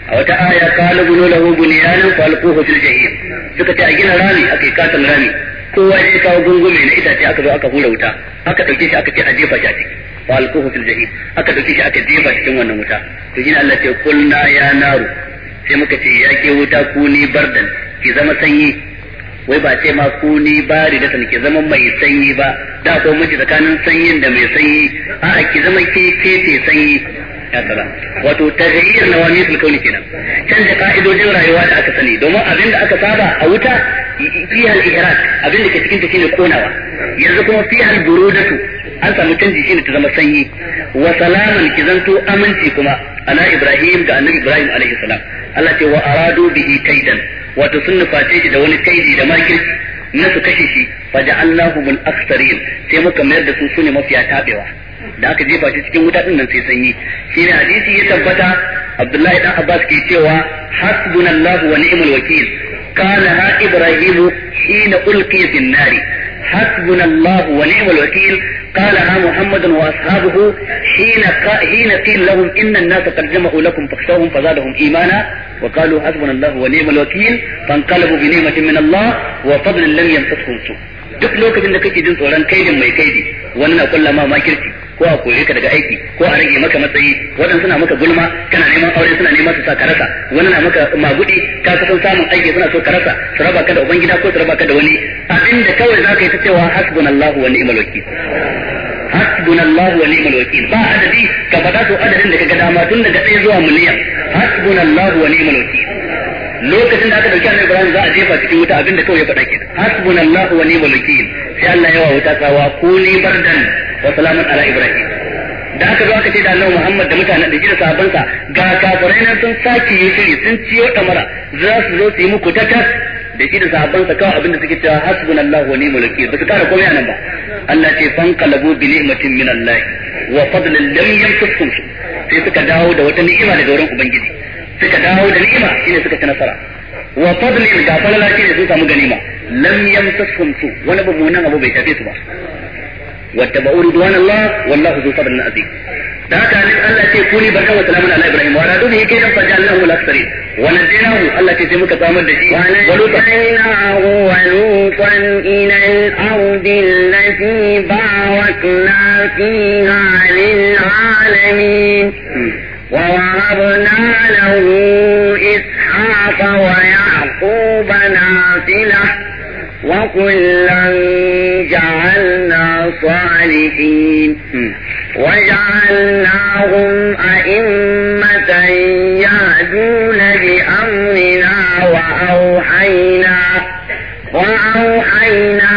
a wata aya kala bunu lahu bunyanan fa alquhu fil jahim suka ce a gina rami akai katon rami kowa ya kawo gungume na itace aka zo aka hura wuta aka dauke shi aka ce a jefa shi a ciki fa alquhu fil jahim aka dauke shi aka jefa cikin wannan wuta to shine Allah ce kulna ya naru sai muka ce ya ke wuta ku ni bardan ki zama sanyi wai ba ce ma ku ni bari da ki zama mai sanyi ba da ko miji tsakanin sanyin da mai sanyi a ki zama ke ke sanyi ya salam wato na wani sulkau kauni kenan canza ka'idojin rayuwa da aka sani domin abin da aka saba a wuta fiha al abin da ke cikin ta shine konawa yanzu kuma fihar al-burudatu an samu canji shine ta zama sanyi wa salaman ki zanto aminci kuma ana Ibrahim da annabi Ibrahim alaihi salam Allah ce wa aradu bihi kaidan wato sun nuface shi da wani kaidi da makin na su kashe shi fa ja'alnahu min aktharin sai muka mayar da su sune mafiya tabewa da aka jefa shi cikin wuta din nan sai sanyi shine hadisi ya tabbata Abdullahi dan Abbas ke cewa hasbunallahu wa ni'mal wakil قالها إبراهيم حين ألقي في النار حسبنا الله ونعم wakil. قالها محمد واصحابه حين حين قيل لهم ان الناس قد جمعوا لكم فاخشوهم فزادهم ايمانا وقالوا حسبنا الله ونعم الوكيل فانقلبوا بنعمه من الله وفضل لم يمسسهم سوء duk lokacin da kake jin tsoron kaidin mai kaidi wani na kulla ma makirci ko a kore ka daga aiki ko a rage maka matsayi wannan suna maka gulma kana neman aure suna neman su sa ka rasa wannan na maka magudi ka kasan samun aiki suna so ka rasa su raba ka da ubangida ko su raba ka da wani abinda kawai za ka yi ta cewa hasbunallahu wa ni'mal wakil hasbunallahu wa ni'mal wakil ba adadi ka faɗa to adadin da kaga dama tun daga ɗaya zuwa miliyan hasbunallahu wa ni'mal wakil lokacin da aka dauki annabi Ibrahim za a jefa cikin wuta abinda kawai ya faɗa kenan hasbunallahu wa ni'mal wakil sai Allah ya wa wuta tsawa ko ni bardan wa salamun ala ibrahim da aka zo aka ce da Allah Muhammad da mutanen da gida sabansa ga kafirai nan sun saki yi shiri sun ciyo kamara za su zo su yi muku tatas da shi da sahabbansa kawai abin da suke cewa hasbunallahu wa ni'mal wakeel ba su kara komai nan ba Allah ce fanqalabu bi ni'matin min Allah wa fadlan lam yamsukum sai suka dawo da wata ni'ima daga wurin ubangiji suka dawo da ni'ima shine suka ci nasara wa fadlin ga falala shine sun samu ganima lam yamsukum su wani nan abu bai tafi su ba واتبعوا رضوان الله والله ذو فضل عظيم da haka nan Allah ce kuni barka wa salamun ala ibrahim wa ala dubi kai dan fajal wa najinahu Allah ce sai muka samar da shi wa najinahu wa lutan ila al ardi allati barakna fiha lil alamin wa wahabna lahu ishaqa wa yaquba nafilah وكلا جعلنا صالحين وجعلناهم أئمة يهدون بأمرنا وأوحينا وأوحينا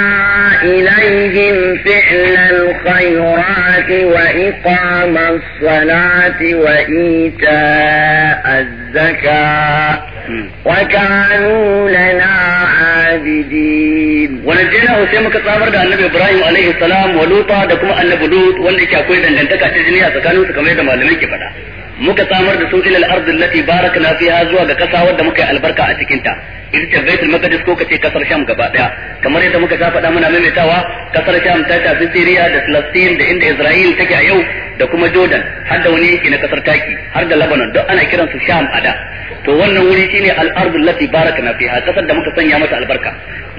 إليهم فعل الخيرات وإقام الصلاة وإيتاء الزكاة وكانوا لنا عابدين ونجيناه sai muka tsamar da annabi Ibrahim alaihi salam wa Luta da kuma annabi Lut wanda yake akwai dangantaka ta jini a tsakanin su kamar yadda malamai ke faɗa muka tsamar da su ilal ardi allati barakna fiha zuwa ga kasa wadda muka yi albarka a cikin ta ita ta Baitul Maqdis ko kace kasar Sham gaba daya kamar yadda muka ta faɗa muna maimaitawa kasar Sham ta tafi siriya da Palestine da inda israil take a yau da kuma Jordan har da wani yanki na kasar Taki har da Lebanon duk ana kiransu Sham a da to wannan wuri shine al-ardul lati barakna fiha kasar da muka sanya mata albarka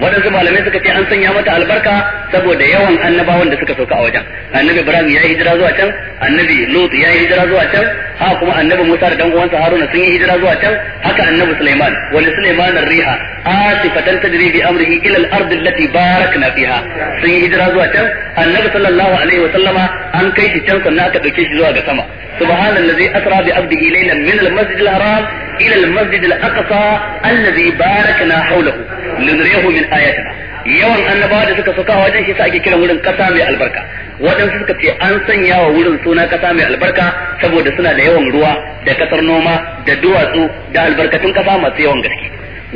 wadansu malamai suka ce an sanya mata albarka saboda yawan annabawan da suka sauka a wajen annabi ibrahim ya yi hijira zuwa can annabi lut ya yi hijira zuwa can ha kuma annabi musa da dan uwansa haruna sun yi hijira zuwa can haka annabi sulaiman wa li sulaiman ar-riha asifatan tajri bi amrihi ila al-ard allati barakna fiha sun yi hijira zuwa can annabi sallallahu alaihi wa sallama an kai shi can sannan aka dauke shi zuwa ga sama subhanallazi asra bi abdihi laylan min al-masjid al-haram ila المسجد الأقصى الذي باركنا حوله لنريه من آياتنا yawan annabawa da suka sauka wajen shi sa ake kiran wurin kasa mai albarka waɗansu suka ce an sanya wa wurin suna kasa mai albarka saboda suna da yawan ruwa da kasar noma da duwatsu da albarkatun kasa masu yawan gaske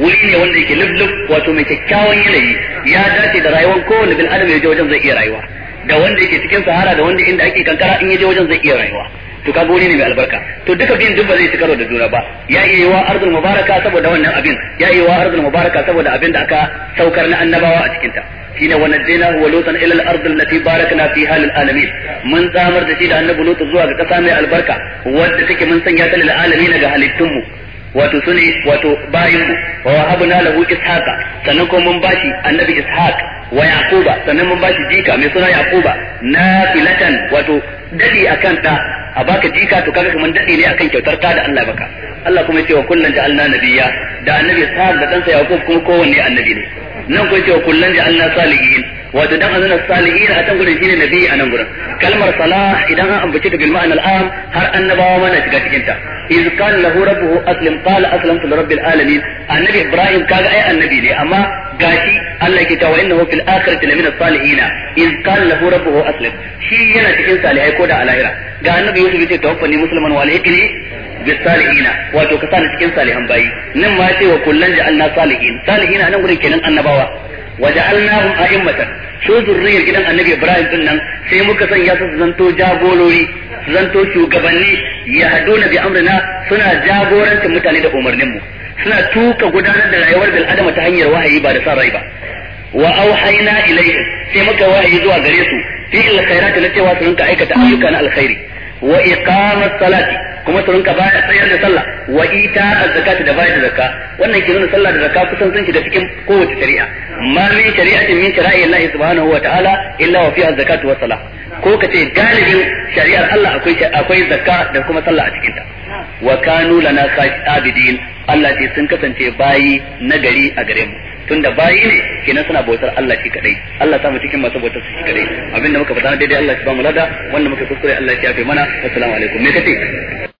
wuri ne wanda yake lublub wato mai kyakkyawan yanayi ya dace da rayuwar kowane bin adam ya je wajen zai iya rayuwa da wanda yake cikin sahara da wanda inda ake kankara in ya je wajen zai iya rayuwa to ka gori ne mai albarka to duka biyun duk ba zai ci karo da juna ba ya iya yiwa ardul mubaraka saboda wannan abin ya iya yiwa ardul mubaraka saboda abin da aka saukar na annabawa a cikinta shine wa najjaynahu wa lutan ila al-ard allati barakna fiha lil alamin mun tsamar da shi da annabi lutu zuwa ga kasa mai albarka wanda take mun sanya ta lil alamin ga halittun mu wato sune wato bayin mu wa wahabna lahu ishaqa sannan ko mun bashi annabi ishaq wa yaquba sannan mun bashi jika mai suna yaquba nafilatan wato dadi akan da a baka jika to kaga kaman dade ne akan kyautar ta da Allah baka Allah kuma yace wa kullun ja'alna nabiyya da annabi sa da dan sa Yaqub kuma kowanne annabi ne nan kun cewa kullun Allah salihin wato dan azana salihin a can gurin shine nabi a nan gurin kalmar salah idan an ambace ta bil ma'anal am har annabawa ma na shiga cikin ta iz lahu rabbuhu aslim qala aslamtu li rabbil alamin annabi ibrahim kaga ai annabi ne amma gashi Allah ke tawa innahu fil akhirati lamina salihin iz qala lahu rabbuhu aslim shi yana cikin salihai ko da a lahira ga annabi yusuf ya ce tawaffani musliman wa alayhi bis salihina wato ka sani cikin salihan nan ma ce wa kullan ja'alna salihin salihina nan gurin kenan annabawa wa ja'alnahum gidan annabi Ibrahim din nan sai muka sanya su zanto shugabanni ya shugabanni yahduna bi amrina suna jagorancin mutane da umarnin mu suna tuka gudanar da rayuwar bil adama ta hanyar wahayi ba da sa rai ba wa auhayna ilayhim sai muka wahayi zuwa gare su fi alkhairati na cewa su ka aikata ayyuka na alkhairi wa iqamat salati kuma su rinka baya tsayar da sallah wa ita az-zakata da bayar da zakka wannan ke nuna sallah da zakka kusan sun shiga cikin kowace shari'a ma min shari'atin min shara'i Allah subhanahu wa ta'ala illa wa fiha zakatu wa salah ko kace galibin shari'ar Allah akwai akwai zakka da kuma sallah a cikin ta wa kanu lana abidin Allah ce sun kasance bayi nagari a gare mu tun da bayi ne kenan suna bautar Allah shi kadai Allah samu cikin masu bautar shi kadai abinda muka faɗa daidai Allah shi ba mu lada wanda muka kuskure Allah shi ya fi mana assalamu alaikum me kace